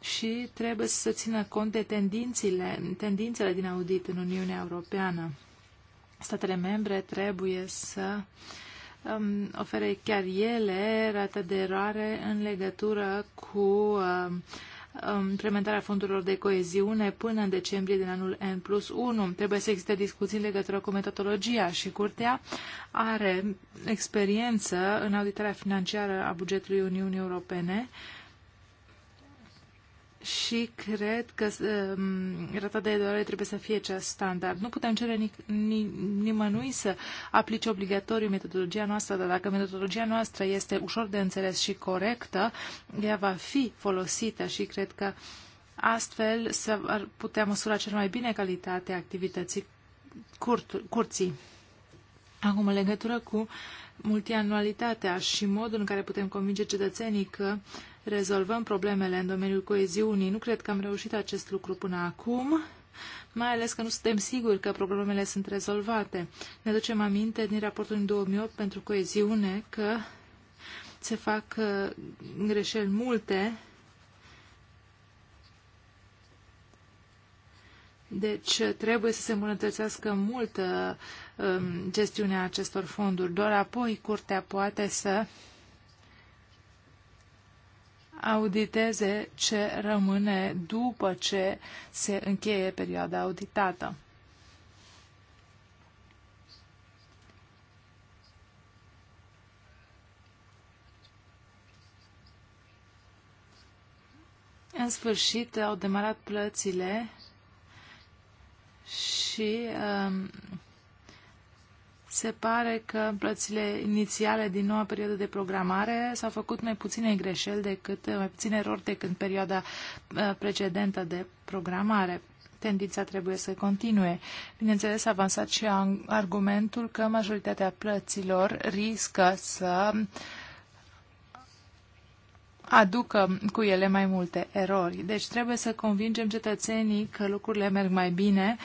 și trebuie să țină cont de tendințele, tendințele din audit în Uniunea Europeană. Statele membre trebuie să um, ofere chiar ele rată de eroare în legătură cu um, implementarea fondurilor de coeziune până în decembrie din anul N plus 1. Trebuie să existe discuții în legătură cu metodologia și Curtea are experiență în auditarea financiară a bugetului Uniunii Europene și cred că um, rata de eroare trebuie să fie cea standard. Nu putem cere ni, nimănui să aplice obligatoriu metodologia noastră, dar dacă metodologia noastră este ușor de înțeles și corectă, ea va fi folosită și cred că astfel se ar putea măsura cel mai bine calitatea activității curt, curții. Acum, în legătură cu multianualitatea și modul în care putem convinge cetățenii că uh, rezolvăm problemele în domeniul coeziunii. Nu cred că am reușit acest lucru până acum, mai ales că nu suntem siguri că problemele sunt rezolvate. Ne ducem aminte din raportul din 2008 pentru coeziune că se fac uh, greșeli multe. Deci uh, trebuie să se îmbunătățească mult uh, um, gestiunea acestor fonduri. Doar apoi curtea poate să auditeze ce rămâne după ce se încheie perioada auditată. În sfârșit au demarat plățile și um, se pare că în plățile inițiale din noua perioadă de programare s-au făcut mai puține greșeli decât, mai puține erori decât în perioada uh, precedentă de programare. Tendința trebuie să continue. Bineînțeles, a avansat și argumentul că majoritatea plăților riscă să aducă cu ele mai multe erori. Deci trebuie să convingem cetățenii că lucrurile merg mai bine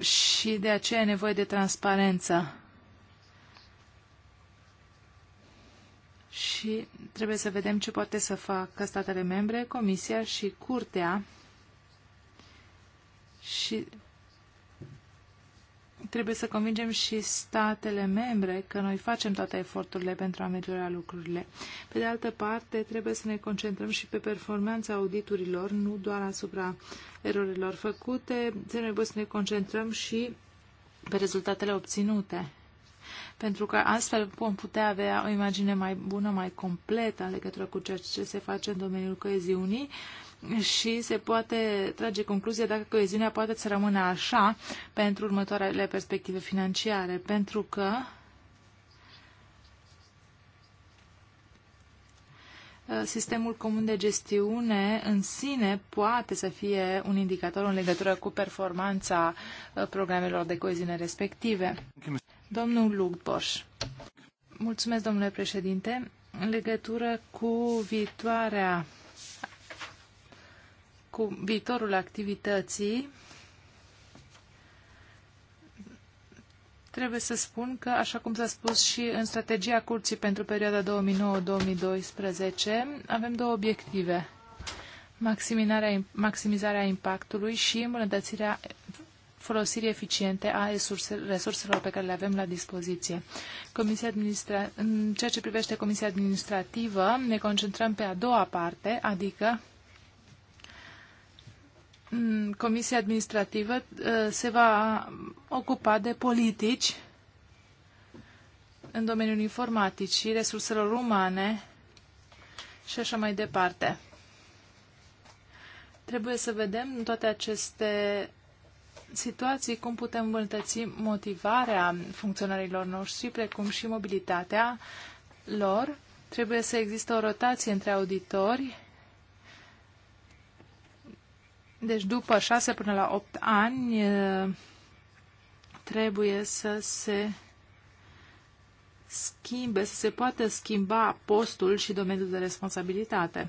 și de aceea e nevoie de transparență. și trebuie să vedem ce poate să facă statele membre, Comisia și Curtea și trebuie să convingem și statele membre că noi facem toate eforturile pentru a ameliora lucrurile. Pe de altă parte, trebuie să ne concentrăm și pe performanța auditurilor, nu doar asupra erorilor făcute, trebuie să ne concentrăm și pe rezultatele obținute pentru că astfel vom putea avea o imagine mai bună, mai completă în legătură cu ceea ce se face în domeniul coeziunii și se poate trage concluzia dacă coeziunea poate să rămână așa pentru următoarele perspective financiare, pentru că sistemul comun de gestiune în sine poate să fie un indicator în legătură cu performanța uh, programelor de coeziune respective. Domnul Lugboș. Mulțumesc, domnule președinte. În legătură cu viitoarea cu viitorul activității, trebuie să spun că, așa cum s-a spus și în strategia curții pentru perioada 2009-2012, avem două obiective maximizarea, maximizarea impactului și îmbunătățirea folosiri eficiente a resurselor pe care le avem la dispoziție. Comisia administra... În ceea ce privește Comisia Administrativă, ne concentrăm pe a doua parte, adică Comisia Administrativă ă, se va ocupa de politici în domeniul informaticii, resurselor umane și așa mai departe. Trebuie să vedem în toate aceste situații, cum putem îmbunătăți motivarea funcționarilor noștri, precum și mobilitatea lor. Trebuie să existe o rotație între auditori, deci după 6 până la 8 ani trebuie să se schimbe, să se poată schimba postul și domeniul de responsabilitate.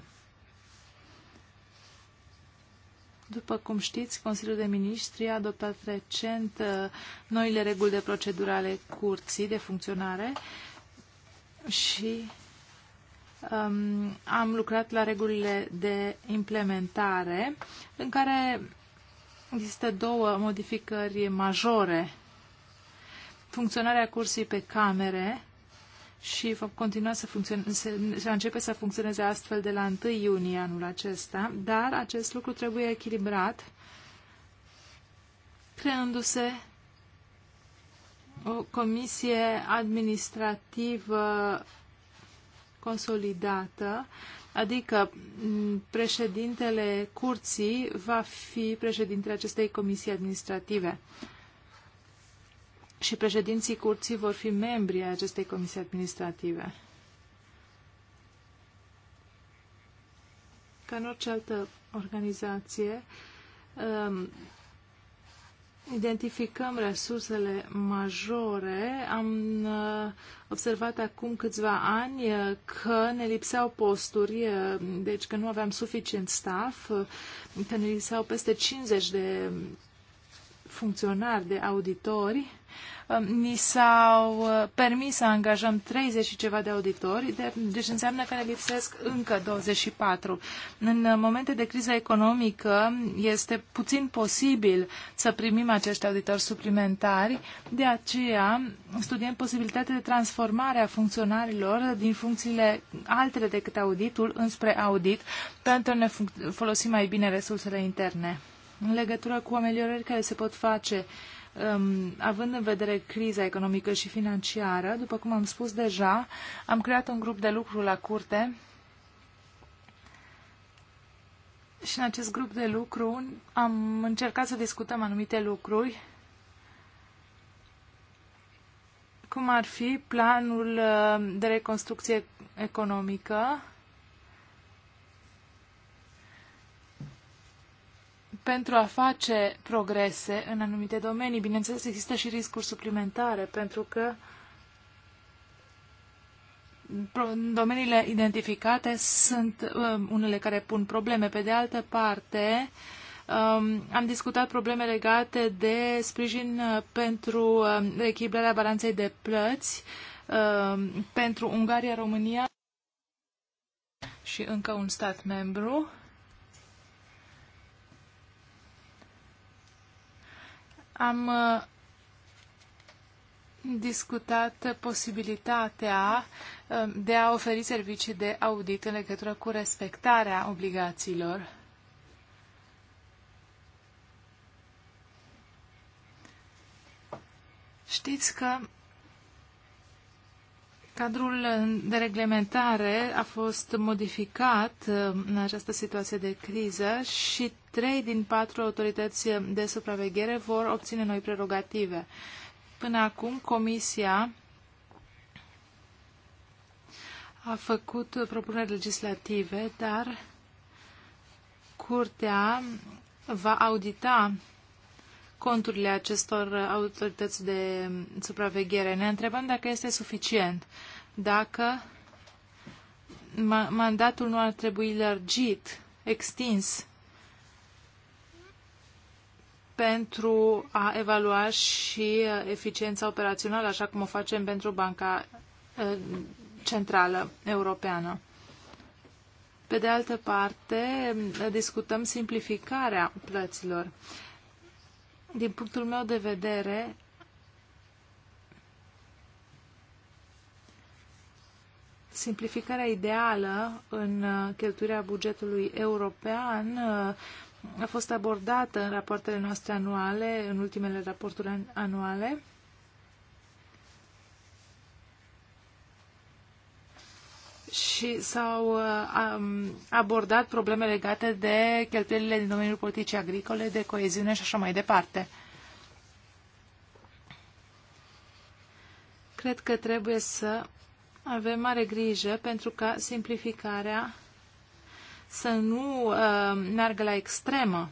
După cum știți, Consiliul de Ministri a adoptat recent uh, noile reguli de procedură ale curții de funcționare și um, am lucrat la regulile de implementare, în care există două modificări majore. Funcționarea cursii pe camere și va continua să funcționeze, să începe să funcționeze astfel de la 1 iunie anul acesta, dar acest lucru trebuie echilibrat creându-se o comisie administrativă consolidată, adică președintele curții va fi președintele acestei comisii administrative și președinții curții vor fi membri ai acestei comisii administrative. Ca în orice altă organizație, um, identificăm resursele majore. Am uh, observat acum câțiva ani uh, că ne lipseau posturi, uh, deci că nu aveam suficient staff, că ne lipseau peste 50 de funcționari, de auditori, um, ni s-au uh, permis să angajăm 30 și ceva de auditori, deci înseamnă că ne lipsesc încă 24. În uh, momente de criză economică este puțin posibil să primim acești auditori suplimentari, de aceea studiem posibilitatea de transformare a funcționarilor din funcțiile altele decât auditul înspre audit pentru a ne folosi mai bine resursele interne în legătură cu ameliorări care se pot face um, având în vedere criza economică și financiară, după cum am spus deja, am creat un grup de lucru la curte și în acest grup de lucru am încercat să discutăm anumite lucruri, cum ar fi planul uh, de reconstrucție economică, pentru a face progrese în anumite domenii. Bineînțeles, există și riscuri suplimentare, pentru că domeniile identificate sunt um, unele care pun probleme. Pe de altă parte, um, am discutat probleme legate de sprijin uh, pentru um, echilibrarea balanței de plăți pentru Ungaria, România și încă un stat membru. Am uh, discutat posibilitatea uh, de a oferi servicii de audit în legătură cu respectarea obligațiilor. Știți că Cadrul de reglementare a fost modificat uh, în această situație de criză și trei din patru autorități de supraveghere vor obține noi prerogative. Până acum, Comisia a făcut propuneri legislative, dar Curtea va audita conturile acestor autorități de supraveghere. Ne întrebăm dacă este suficient, dacă mandatul nu ar trebui lărgit, extins, pentru a evalua și uh, eficiența operațională, așa cum o facem pentru Banca uh, Centrală Europeană. Pe de altă parte, discutăm simplificarea plăților din punctul meu de vedere, simplificarea ideală în uh, cheltuirea bugetului european uh, a fost abordată în rapoartele noastre anuale, în ultimele raporturi anuale. și s-au uh, abordat probleme legate de cheltuielile din domeniul politicii agricole, de coeziune și așa mai departe. Cred că trebuie să avem mare grijă pentru ca simplificarea să nu uh, meargă la extremă.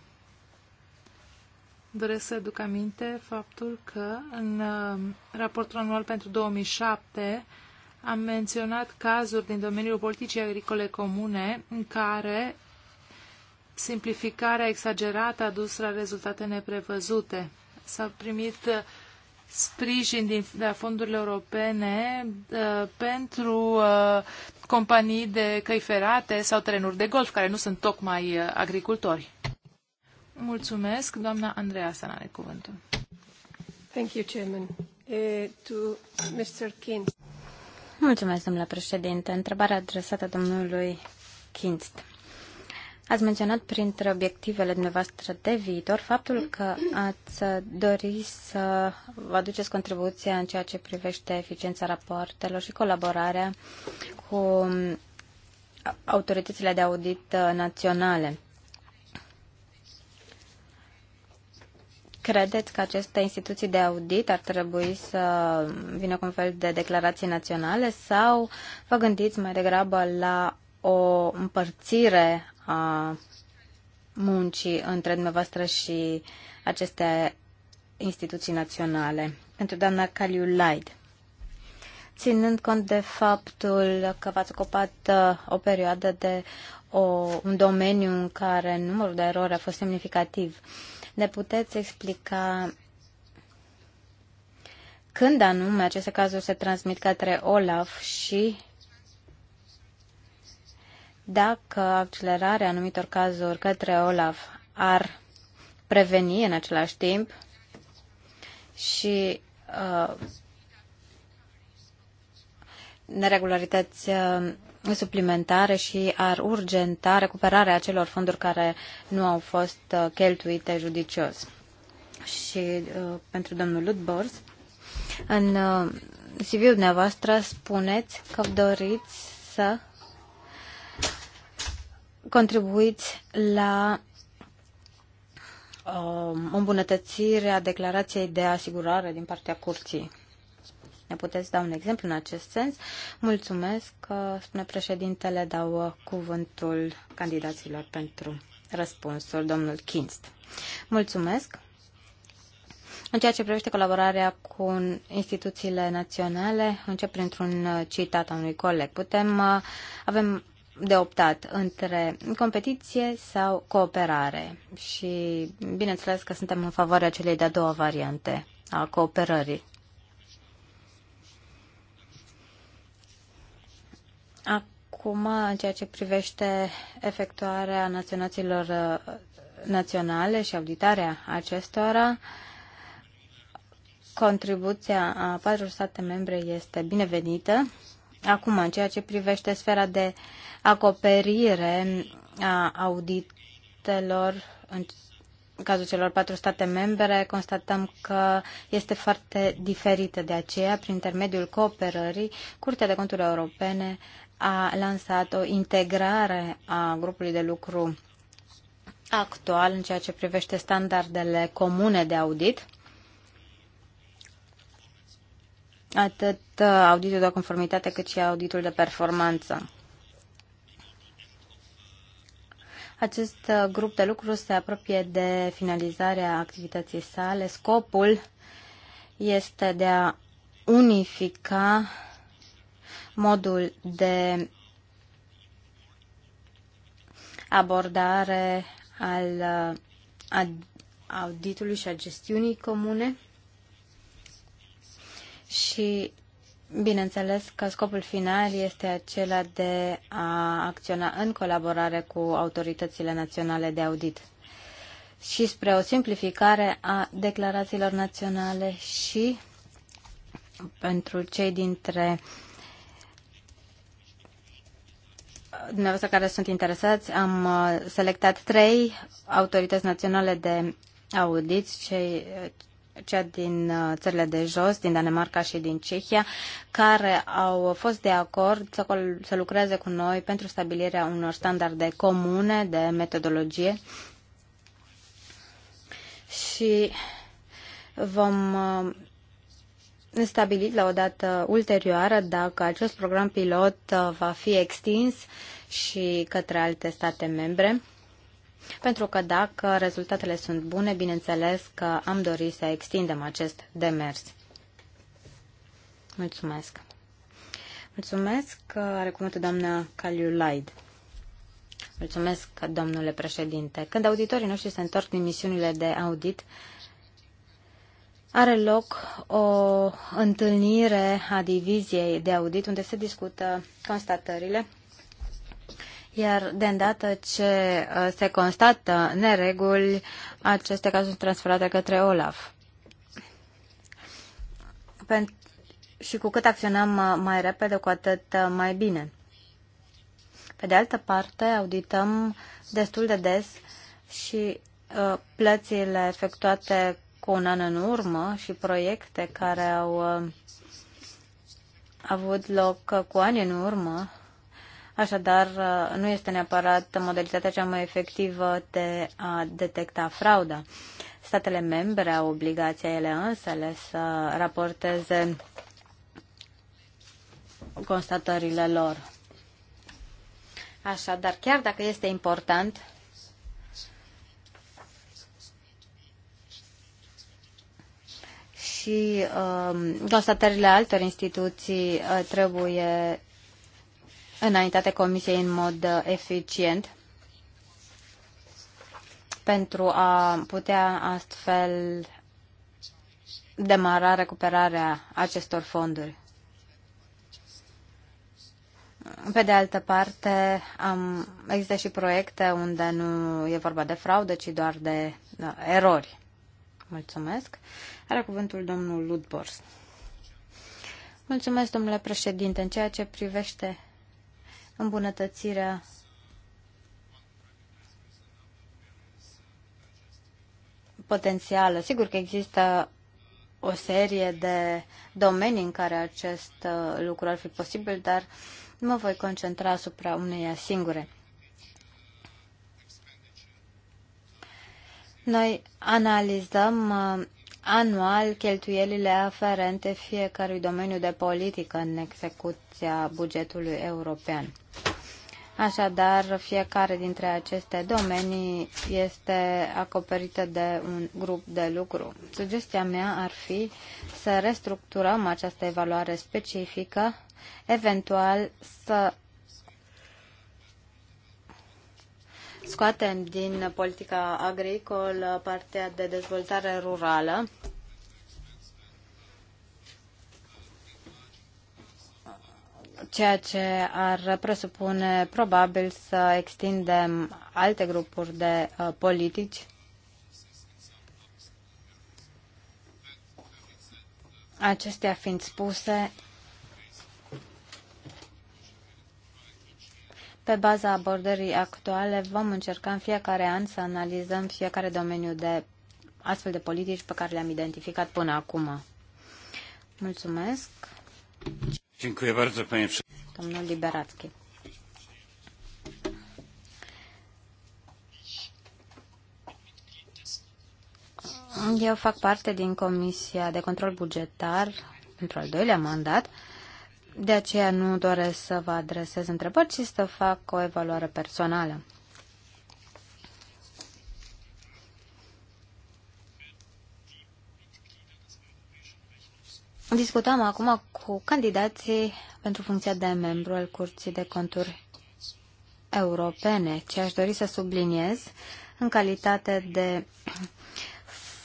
Doresc să aduc aminte faptul că în uh, raportul anual pentru 2007 am menționat cazuri din domeniul politicii agricole comune în care simplificarea exagerată a dus la rezultate neprevăzute. S-au primit uh, sprijin din, de la fondurile europene uh, pentru uh, companii de căi ferate sau terenuri de golf, care nu sunt tocmai uh, agricultori. Mulțumesc. Doamna Andreea San are cuvântul. Thank you, Chairman. Uh, to Mr. Kins. Mulțumesc, domnule președinte. Întrebarea adresată domnului Kinst. Ați menționat printre obiectivele dumneavoastră de viitor faptul că ați dori să vă aduceți contribuția în ceea ce privește eficiența rapoartelor și colaborarea cu autoritățile de audit uh, naționale. Credeți că aceste instituții de audit ar trebui să vină cu un fel de declarații naționale sau vă gândiți mai degrabă la o împărțire a muncii între dumneavoastră și aceste instituții naționale? Pentru doamna Caliu Laid ținând cont de faptul că v-ați ocupat uh, o perioadă de o, un domeniu în care numărul de erori a fost semnificativ. Uh, ne puteți explica când anume aceste cazuri se transmit către OLAF și dacă accelerarea anumitor cazuri către OLAF ar preveni în același timp și uh, neregularități uh, suplimentare și ar urgenta recuperarea acelor fonduri care nu au fost uh, cheltuite judicios. Și uh, pentru domnul Ludbors, în uh, CV-ul dumneavoastră spuneți că doriți să contribuiți la uh, îmbunătățirea declarației de asigurare din partea curții. Ne puteți da un exemplu în acest sens? Mulțumesc, spune președintele, dau uh, cuvântul candidaților pentru răspunsul, domnul Kinst. Mulțumesc. În ceea ce privește colaborarea cu instituțiile naționale, încep printr-un uh, citat a unui coleg. Putem, uh, avem de optat între competiție sau cooperare și bineînțeles că suntem în favoarea celei de-a doua variante a cooperării. Acum, în ceea ce privește efectuarea naționaților uh, naționale și auditarea acestora, contribuția a patru state membre este binevenită. Acum, în ceea ce privește sfera de acoperire a auditelor în cazul celor patru state membre, constatăm că este foarte diferită. De aceea, prin intermediul cooperării, Curtea de Conturi Europene a lansat o integrare a grupului de lucru actual în ceea ce privește standardele comune de audit, atât uh, auditul de conformitate cât și auditul de performanță. Acest uh, grup de lucru se apropie de finalizarea activității sale. Scopul este de a unifica modul de abordare al uh, auditului și a gestiunii comune și bineînțeles că scopul final este acela de a acționa în colaborare cu autoritățile naționale de audit și spre o simplificare a declarațiilor naționale și pentru cei dintre uh, dumneavoastră care sunt interesați, am uh, selectat trei autorități naționale de audit, cei, cea din uh, țările de jos, din Danemarca și din Cehia, care au fost de acord să, să lucreze cu noi pentru stabilirea unor standarde comune de metodologie și vom uh, stabilit la o dată ulterioară dacă acest program pilot uh, va fi extins și către alte state membre. Pentru că dacă rezultatele sunt bune, bineînțeles că am dorit să extindem acest demers. Mulțumesc. Mulțumesc. Are cuvântul doamna Caliu Laid. Mulțumesc, domnule președinte. Când auditorii noștri se întorc din misiunile de audit, are loc o întâlnire a diviziei de audit unde se discută constatările, iar de îndată ce uh, se constată nereguli, aceste cazuri sunt transferate către OLAF. și cu cât acționăm uh, mai repede, cu atât uh, mai bine. Pe de altă parte, audităm destul de des și plățile efectuate cu un an în urmă și proiecte care au uh, avut loc cu ani în urmă. Așadar, uh, nu este neapărat modalitatea cea mai efectivă de a detecta frauda. Statele membre au obligația ele însele să raporteze constatările lor. Așadar, chiar dacă este important și um, constatările altor instituții uh, trebuie înaintate Comisiei în mod uh, eficient pentru a putea astfel demara recuperarea acestor fonduri. Pe de altă parte, am, există și proiecte unde nu e vorba de fraudă, ci doar de da, erori. Mulțumesc. Are cuvântul domnul Ludbors. Mulțumesc, domnule președinte. În ceea ce privește îmbunătățirea potențială, sigur că există o serie de domenii în care acest uh, lucru ar fi posibil, dar mă voi concentra asupra uneia singure. Noi analizăm uh, anual cheltuielile aferente fiecărui domeniu de politică în execuția bugetului european. Așadar, fiecare dintre aceste domenii este acoperită de un grup de lucru. Sugestia mea ar fi să restructurăm această evaluare specifică, eventual să scoatem din politica agricolă partea de dezvoltare rurală. ceea ce ar presupune probabil să extindem alte grupuri de uh, politici. Acestea fiind spuse, Pe baza abordării actuale vom încerca în fiecare an să analizăm fiecare domeniu de astfel de politici pe care le-am identificat până acum. Mulțumesc. Dziękuję bardzo, panie Domnul Liberacki. Eu fac parte din Comisia de Control Bugetar pentru al doilea mandat de aceea nu doresc să vă adresez întrebări, ci să fac o evaluare personală. Discutăm acum cu candidații pentru funcția de membru al Curții de Conturi Europene. Ce aș dori să subliniez în calitate de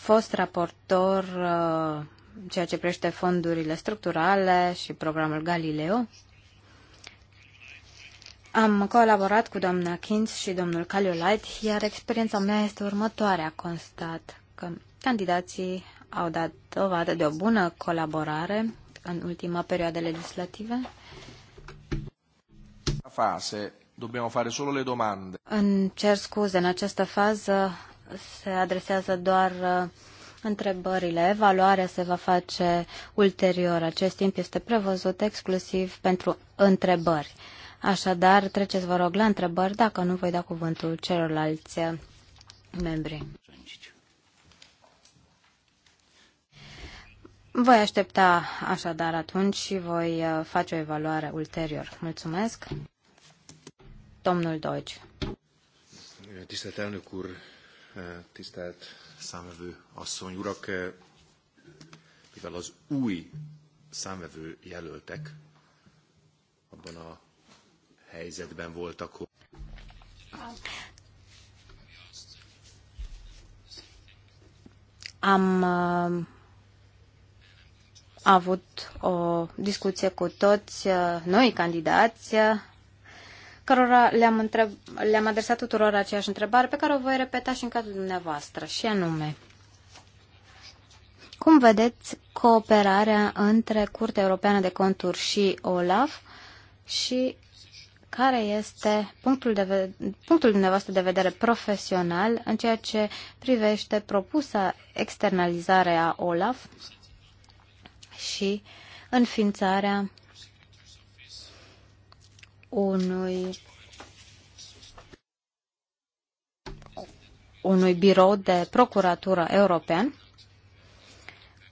fost raportor uh, ceea ce prește fondurile structurale și programul Galileo. Am colaborat cu doamna Kins și domnul Caliolait, iar experiența mea este următoarea. Constat că candidații au dat dovadă de o bună colaborare în ultima perioadă legislativă. Fase, dobbiamo fare solo le domande. În cer scuze, în această fază se adresează doar uh, întrebările. Evaluarea se va face ulterior. Acest timp este prevăzut exclusiv pentru întrebări. Așadar, treceți, vă rog, la întrebări, dacă nu voi da cuvântul celorlalți membri. Voi aștepta așadar atunci și voi uh, face o evaluare ulterior. Mulțumesc. Domnul Deutsch. Tisztelt elnök úr, eh, tisztelt számvevő asszony, urak, eh, mivel az új számvevő jelöltek abban a helyzetben voltak, hogy... Am uh, avut o discuție cu toți uh, noi candidați cărora le-am, întreb, le-am adresat tuturor aceeași întrebare, pe care o voi repeta și în cazul dumneavoastră, și anume, cum vedeți cooperarea între Curtea Europeană de Conturi și OLAF și care este punctul, de, punctul dumneavoastră de vedere profesional în ceea ce privește propusa externalizare a OLAF și înființarea unui unui birou de procuratură european.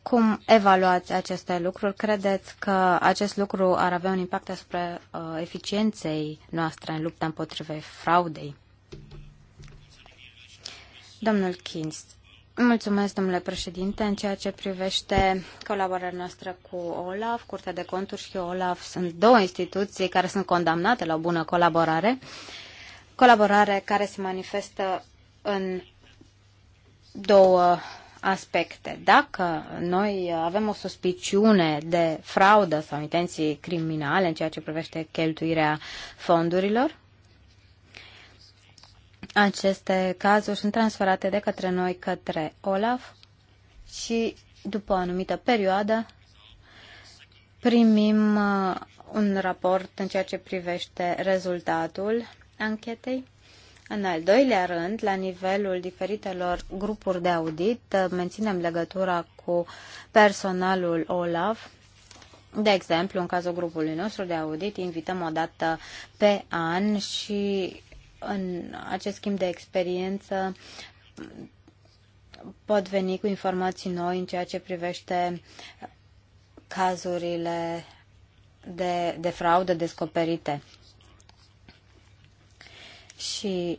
Cum evaluați aceste lucruri? Credeți că acest lucru ar avea un impact asupra uh, eficienței noastre în lupta împotriva fraudei? Domnul Kinst, Mulțumesc, domnule președinte. În ceea ce privește colaborarea noastră cu OLAF, Curtea de Conturi și OLAF sunt două instituții care sunt condamnate la o bună colaborare. Colaborare care se manifestă în două aspecte. Dacă noi avem o suspiciune de fraudă sau intenții criminale în ceea ce privește cheltuirea fondurilor, aceste cazuri sunt transferate de către noi către OLAF și după o anumită perioadă primim uh, un raport în ceea ce privește rezultatul anchetei. În al doilea rând, la nivelul diferitelor grupuri de audit, uh, menținem legătura cu personalul OLAF. De exemplu, în cazul grupului nostru de audit, invităm o dată pe an și în acest schimb de experiență pot veni cu informații noi în ceea ce privește cazurile de, de fraudă descoperite. Și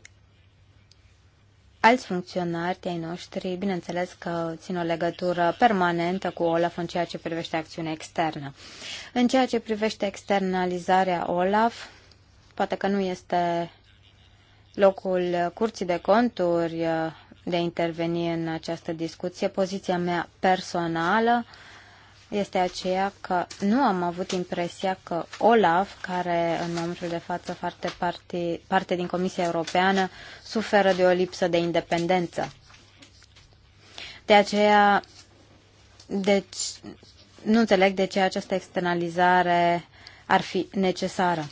alți funcționari ai noștri, bineînțeles că țin o legătură permanentă cu OLAF în ceea ce privește acțiunea externă. În ceea ce privește externalizarea OLAF, poate că nu este locul Curții de Conturi uh, de a interveni în această discuție. Poziția mea personală este aceea că nu am avut impresia că Olaf, care în momentul de față parte, parte, parte din Comisia Europeană, suferă de o lipsă de independență. De aceea, deci, nu înțeleg de ce această externalizare ar fi necesară.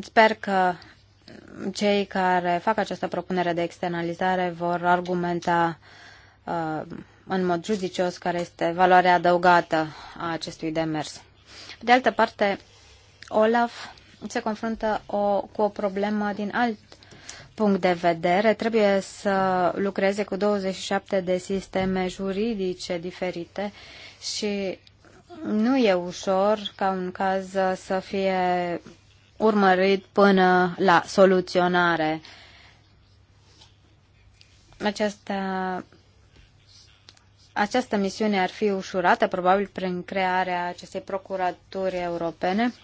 Sper că cei care fac această propunere de externalizare vor argumenta uh, în mod judicios care este valoarea adăugată a acestui demers. De altă parte, Olaf se confruntă o, cu o problemă din alt punct de vedere. Trebuie să lucreze cu 27 de sisteme juridice diferite și nu e ușor ca un caz să fie urmărit până la soluționare. Aceasta, această misiune ar fi ușurată, probabil, prin crearea acestei procuraturi europene.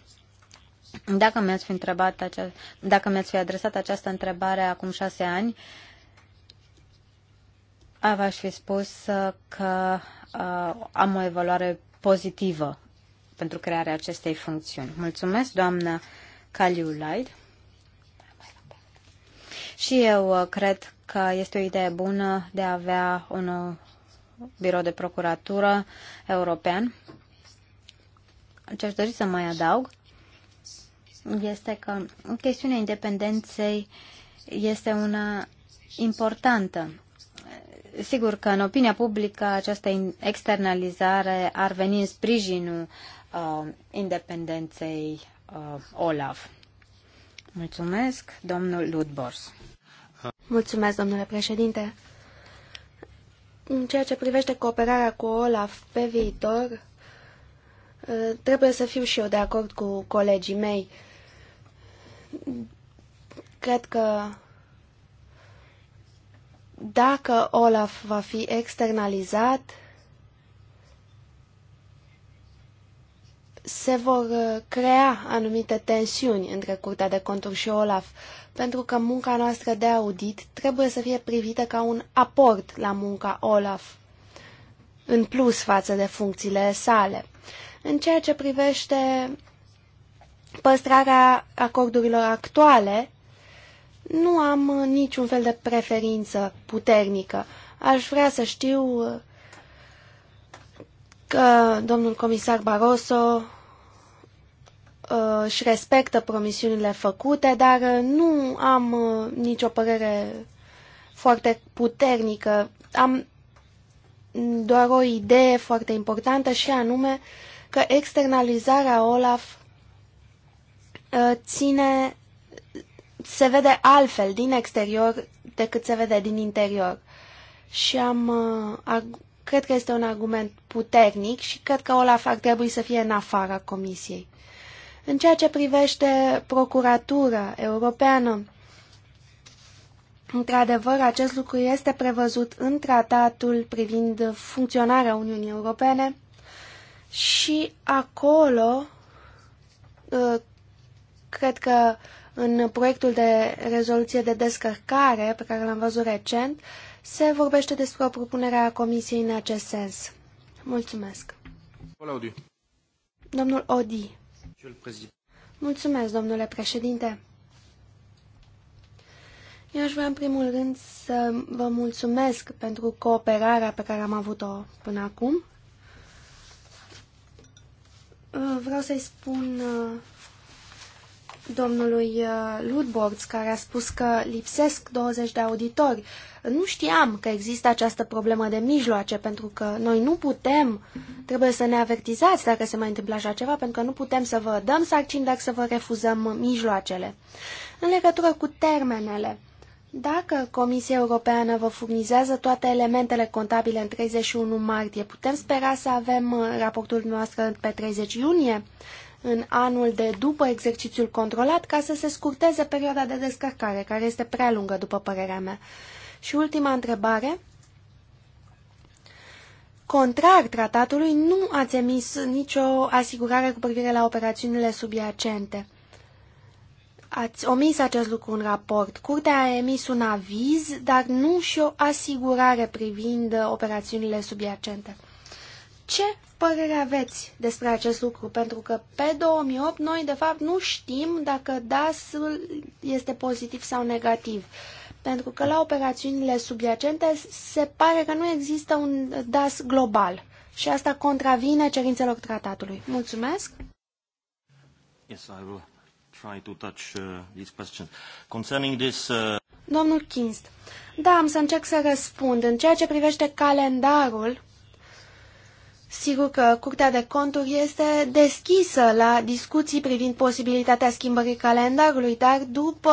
Dacă mi-ați fi, întrebat acea, dacă mi-ați fi adresat această întrebare acum șase ani, v-aș fi spus că uh, am o evaluare pozitivă pentru crearea acestei funcțiuni. Mulțumesc, doamnă Caliulaid. Și eu uh, cred că este o idee bună de a avea un uh, birou de procuratură european. Ce aș dori să mai adaug este că chestiunea independenței este una importantă. Sigur că în opinia publică această externalizare ar veni în sprijinul uh, independenței uh, OLAF. Mulțumesc, domnul Ludbors. Mulțumesc, domnule președinte. În ceea ce privește cooperarea cu OLAF pe viitor, uh, trebuie să fiu și eu de acord cu colegii mei. Cred că dacă Olaf va fi externalizat, se vor uh, crea anumite tensiuni între Curtea de Conturi și Olaf, pentru că munca noastră de audit trebuie să fie privită ca un aport la munca Olaf, în plus față de funcțiile sale. În ceea ce privește păstrarea acordurilor actuale, nu am uh, niciun fel de preferință puternică. Aș vrea să știu uh, că domnul comisar Barroso uh, își respectă promisiunile făcute, dar nu am nicio părere foarte puternică. Am doar o idee foarte importantă și anume că externalizarea OLAF ține se vede altfel din exterior decât se vede din interior. Și am, uh, cred că este un argument puternic și cred că Olaf ar trebui să fie în afara Comisiei. În ceea ce privește Procuratura Europeană, într-adevăr, acest lucru este prevăzut în tratatul privind funcționarea Uniunii Europene și acolo uh, cred că în proiectul de rezoluție de descărcare pe care l-am văzut recent, se vorbește despre o propunere a Comisiei în acest sens. Mulțumesc. Odi. Domnul Odi. Mulțumesc, domnule președinte. Eu aș vrea în primul rând să vă mulțumesc pentru cooperarea pe care am avut-o până acum. Vreau să-i spun uh, domnului uh, Ludbords, care a spus că lipsesc 20 de auditori. Nu știam că există această problemă de mijloace, pentru că noi nu putem, trebuie să ne avertizați dacă se mai întâmplă așa ceva, pentru că nu putem să vă dăm sarcini, dacă să vă refuzăm mijloacele. În legătură cu termenele, dacă Comisia Europeană vă furnizează toate elementele contabile în 31 martie, putem spera să avem uh, raportul noastră pe 30 iunie? în anul de după exercițiul controlat ca să se scurteze perioada de descărcare, care este prea lungă, după părerea mea. Și ultima întrebare. Contrar tratatului, nu ați emis nicio asigurare cu privire la operațiunile subiacente. Ați omis acest lucru în raport. Curtea a emis un aviz, dar nu și o asigurare privind operațiunile subiacente. Ce părere aveți despre acest lucru? Pentru că pe 2008 noi de fapt nu știm dacă DAS-ul este pozitiv sau negativ. Pentru că la operațiunile subiacente se pare că nu există un DAS global și asta contravine cerințelor tratatului. Mulțumesc! Yes, I will try to touch uh, this question. Concerning this... Uh... Domnul Kinst, da, am să încerc să răspund. În ceea ce privește calendarul, Sigur că Curtea de Conturi este deschisă la discuții privind posibilitatea schimbării calendarului, dar după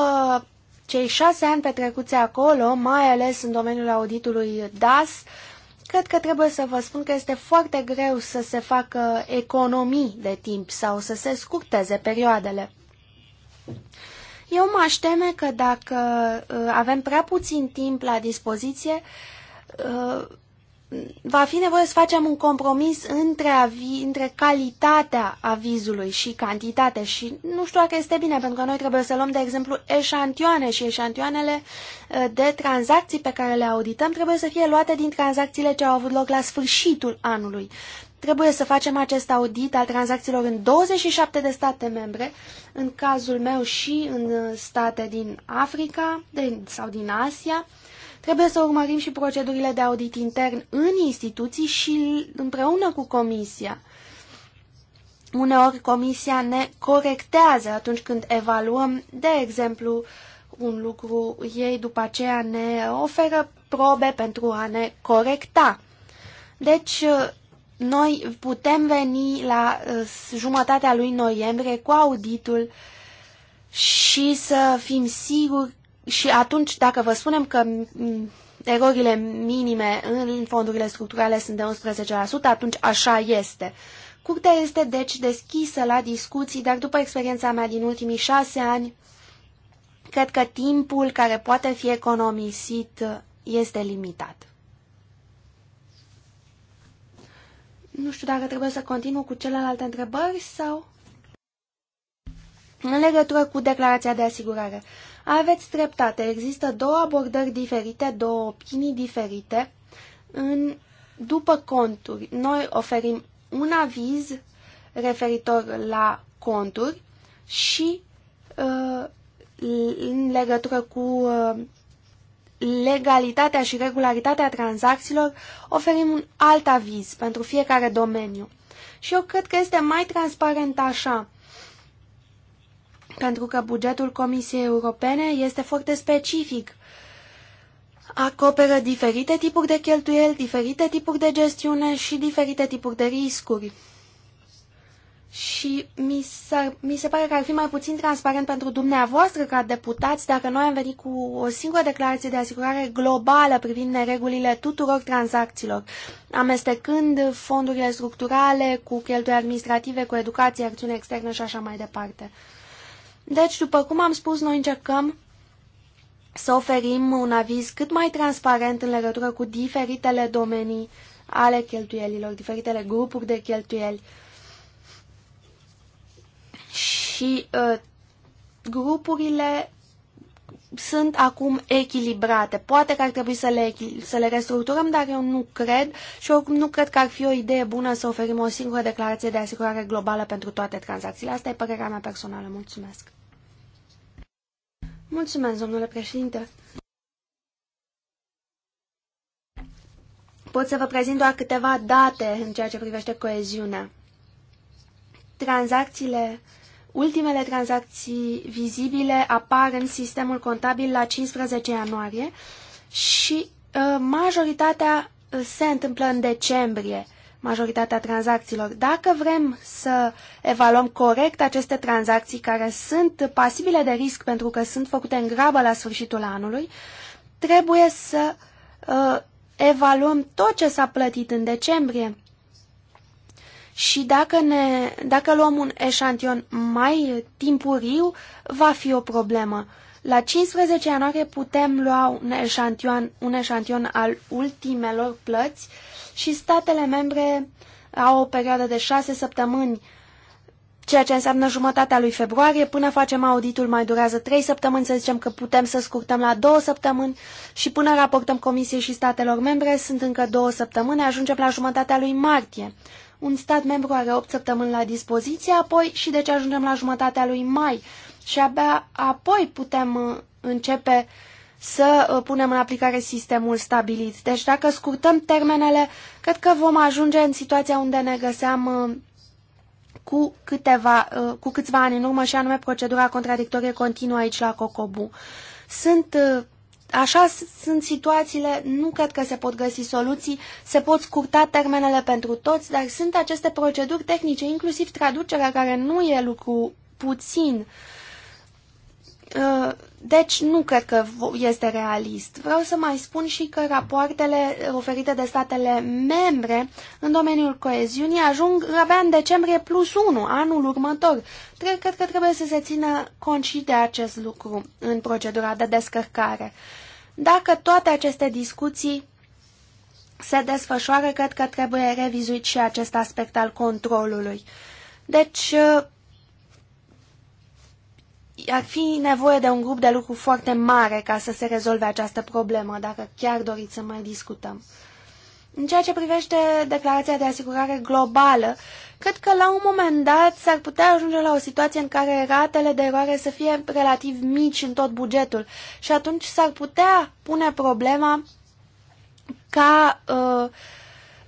cei șase ani petrecuți acolo, mai ales în domeniul auditului DAS, cred că trebuie să vă spun că este foarte greu să se facă economii de timp sau să se scurteze perioadele. Eu mă aștept că dacă uh, avem prea puțin timp la dispoziție, uh, va fi nevoie să facem un compromis între, avi, între calitatea avizului și cantitatea și nu știu dacă este bine, pentru că noi trebuie să luăm, de exemplu, eșantioane și eșantioanele uh, de tranzacții pe care le audităm trebuie să fie luate din tranzacțiile ce au avut loc la sfârșitul anului. Trebuie să facem acest audit al tranzacțiilor în 27 de state membre, în cazul meu și în state din Africa de, sau din Asia, Trebuie să urmărim și procedurile de audit intern în instituții și împreună cu Comisia. Uneori Comisia ne corectează atunci când evaluăm, de exemplu, un lucru, ei după aceea ne oferă probe pentru a ne corecta. Deci, noi putem veni la uh, jumătatea lui noiembrie cu auditul și să fim siguri și atunci, dacă vă spunem că erorile minime în fondurile structurale sunt de 11%, atunci așa este. Curtea este deci deschisă la discuții, dar după experiența mea din ultimii șase ani, cred că timpul care poate fi economisit este limitat. Nu știu dacă trebuie să continu cu celelalte întrebări sau... În legătură cu declarația de asigurare. Aveți dreptate, există două abordări diferite, două opinii diferite în, după conturi. Noi oferim un aviz referitor la conturi și uh, în legătură cu uh, legalitatea și regularitatea tranzacțiilor, oferim un alt aviz pentru fiecare domeniu. Și eu cred că este mai transparent așa pentru că bugetul Comisiei Europene este foarte specific. Acoperă diferite tipuri de cheltuieli, diferite tipuri de gestiune și diferite tipuri de riscuri. Și mi, mi se pare că ar fi mai puțin transparent pentru dumneavoastră ca deputați dacă noi am venit cu o singură declarație de asigurare globală privind neregulile tuturor tranzacțiilor, amestecând fondurile structurale cu cheltuieli administrative, cu educație, acțiune externă și așa mai departe. Deci, după cum am spus, noi încercăm să oferim un aviz cât mai transparent în legătură cu diferitele domenii ale cheltuielilor, diferitele grupuri de cheltuieli. Și uh, grupurile sunt acum echilibrate. Poate că ar trebui să le, să le restructurăm, dar eu nu cred și oricum nu cred că ar fi o idee bună să oferim o singură declarație de asigurare globală pentru toate tranzacțiile. Asta e părerea mea personală. Mulțumesc! Mulțumesc, domnule președinte. Pot să vă prezint doar câteva date în ceea ce privește coeziunea. Tranzacțiile, ultimele tranzacții vizibile apar în sistemul contabil la 15 ianuarie și uh, majoritatea uh, se întâmplă în decembrie majoritatea tranzacțiilor. Dacă vrem să evaluăm corect aceste tranzacții care sunt pasibile de risc pentru că sunt făcute în grabă la sfârșitul anului, trebuie să uh, evaluăm tot ce s-a plătit în decembrie. Și dacă, ne, dacă luăm un eșantion mai timpuriu, va fi o problemă. La 15 ianuarie putem lua un eșantion, un eșantion al ultimelor plăți uh, și statele membre au o perioadă de șase săptămâni, ceea ce înseamnă jumătatea lui februarie, până facem auditul mai durează trei săptămâni, să zicem că putem să scurtăm la două săptămâni și până raportăm Comisiei și statelor membre sunt încă două săptămâni, ajungem la jumătatea lui martie. Un stat membru are 8 săptămâni la dispoziție, apoi și deci ajungem la jumătatea lui mai și abia apoi putem uh, începe uh, să uh, punem în aplicare sistemul stabilit. Deci dacă scurtăm termenele, cred că vom ajunge în situația unde ne găseam uh, cu, câteva, uh, cu câțiva ani în urmă și anume procedura contradictorie continuă aici la Cocobu. Sunt Așa sunt situațiile, nu cred că se pot găsi soluții, se pot scurta termenele pentru toți, dar sunt aceste proceduri tehnice, inclusiv traducerea, care nu e lucru puțin. Deci nu cred că este realist. Vreau să mai spun și că rapoartele oferite de statele membre în domeniul coeziunii ajung abia în decembrie plus 1, anul următor. Cred că trebuie să se țină cont și de acest lucru în procedura de descărcare. Dacă toate aceste discuții se desfășoară, cred că trebuie revizuit și acest aspect al controlului. Deci, ar fi nevoie de un grup de lucru foarte mare ca să se rezolve această problemă, dacă chiar doriți să mai discutăm. În ceea ce privește declarația de asigurare globală, cred că la un moment dat s-ar putea ajunge la o situație în care ratele de eroare să fie relativ mici în tot bugetul și atunci s-ar putea pune problema ca uh,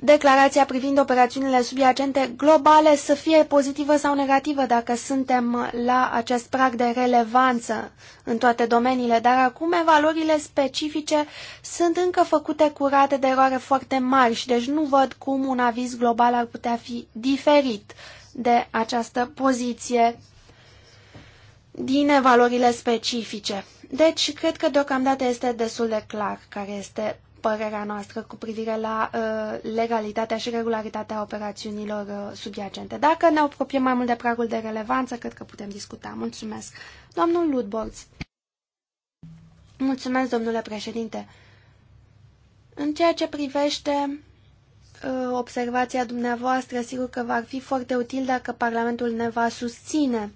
declarația privind operațiunile subiacente globale să fie pozitivă sau negativă dacă suntem la acest prag de relevanță în toate domeniile, dar acum valorile specifice sunt încă făcute cu rate de eroare foarte mari și deci nu văd cum un aviz global ar putea fi diferit de această poziție din valorile specifice. Deci, cred că deocamdată este destul de clar care este părerea noastră cu privire la uh, legalitatea și regularitatea operațiunilor uh, subiacente. Dacă ne apropiem mai mult de pragul de relevanță, cred că putem discuta. Mulțumesc. Domnul Ludborz. Mulțumesc, domnule președinte. În ceea ce privește uh, observația dumneavoastră, sigur că va fi foarte util dacă Parlamentul ne va susține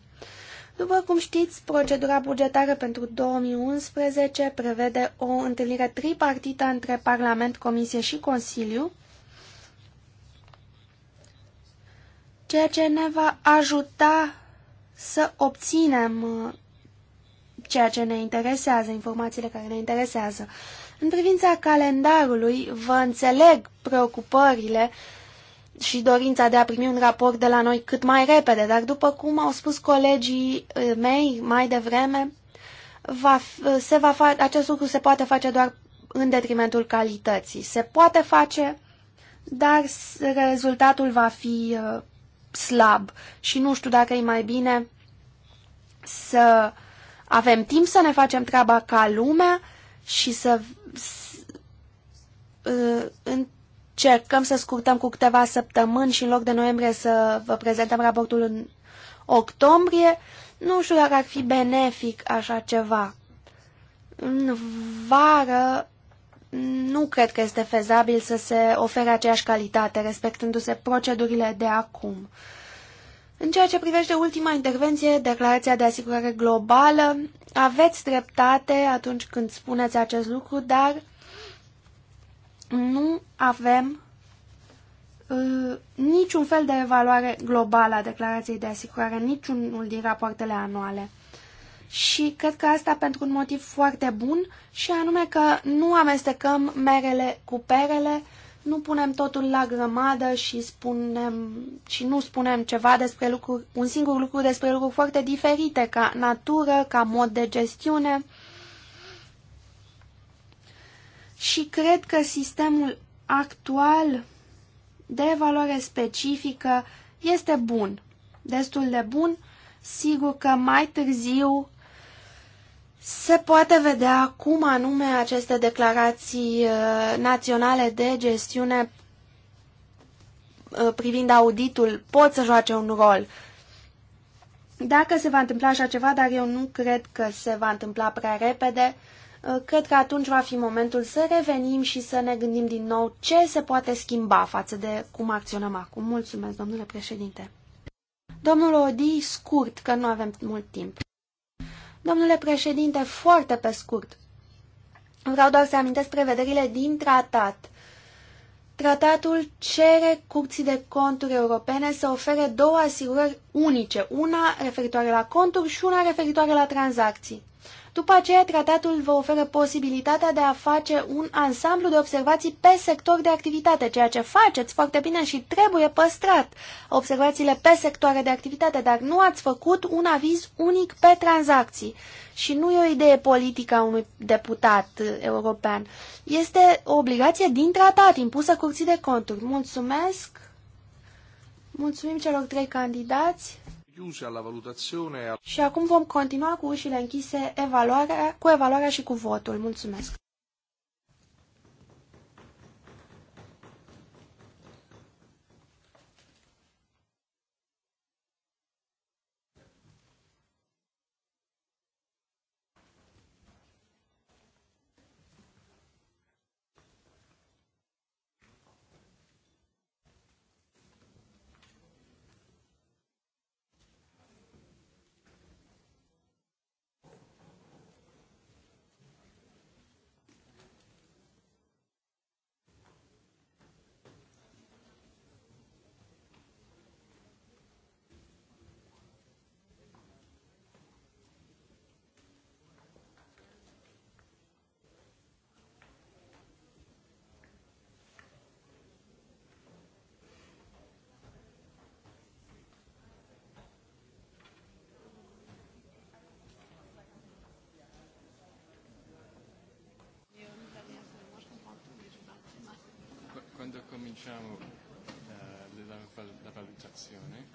după cum știți, procedura bugetară pentru 2011 prevede o întâlnire tripartită între Parlament, Comisie și Consiliu, ceea ce ne va ajuta să obținem uh, ceea ce ne interesează, informațiile care ne interesează. În privința calendarului, vă înțeleg preocupările și dorința de a primi un raport de la noi cât mai repede, dar după cum au spus colegii eh, mei mai devreme, va, eh, se va fa acest lucru se poate face doar în detrimentul calității. Se poate face, dar rezultatul va fi eh, slab și nu știu dacă e mai bine să avem timp să ne facem treaba ca lumea și să, să cercăm să scurtăm cu câteva săptămâni și în loc de noiembrie să vă prezentăm raportul în octombrie, nu știu dacă ar fi benefic așa ceva. În vară nu cred că este fezabil să se ofere aceeași calitate, respectându-se procedurile de acum. În ceea ce privește ultima intervenție, declarația de asigurare globală, aveți dreptate atunci când spuneți acest lucru, dar nu avem uh, niciun fel de evaluare globală a declarației de asigurare, niciunul din rapoartele anuale. Și cred că asta pentru un motiv foarte bun și anume că nu amestecăm merele cu perele, nu punem totul la grămadă și, spunem, și nu spunem ceva despre lucruri, un singur lucru despre lucruri foarte diferite ca natură, ca mod de gestiune, și cred că sistemul actual de valoare specifică este bun, destul de bun. Sigur că mai târziu se poate vedea cum anume aceste declarații uh, naționale de gestiune uh, privind auditul pot să joace un rol. Dacă se va întâmpla așa ceva, dar eu nu cred că se va întâmpla prea repede, Uh, cred că atunci va fi momentul să revenim și să ne gândim din nou ce se poate schimba față de cum acționăm acum. Mulțumesc, domnule președinte. Domnul Odi, scurt, că nu avem mult timp. Domnule președinte, foarte pe scurt. Vreau doar să amintesc prevederile din tratat. Tratatul cere curții de conturi europene să ofere două asigurări unice, una referitoare la conturi și una referitoare la tranzacții. După aceea, tratatul vă oferă posibilitatea de a face un ansamblu de observații pe sector de activitate, ceea ce faceți foarte bine și trebuie păstrat observațiile pe sectoare de activitate, dar nu ați făcut un aviz unic pe tranzacții. Și nu e o idee politică a unui deputat european. Este o obligație din tratat impusă curții de conturi. Mulțumesc! Mulțumim celor trei candidați! valutazione. Și acum vom continua cu ușile închise evaluarea, cu evaluarea și cu votul. Mulțumesc!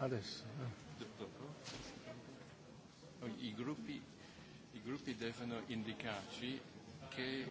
Adesso. Da. I gruppi, I gruppi devono indicarci che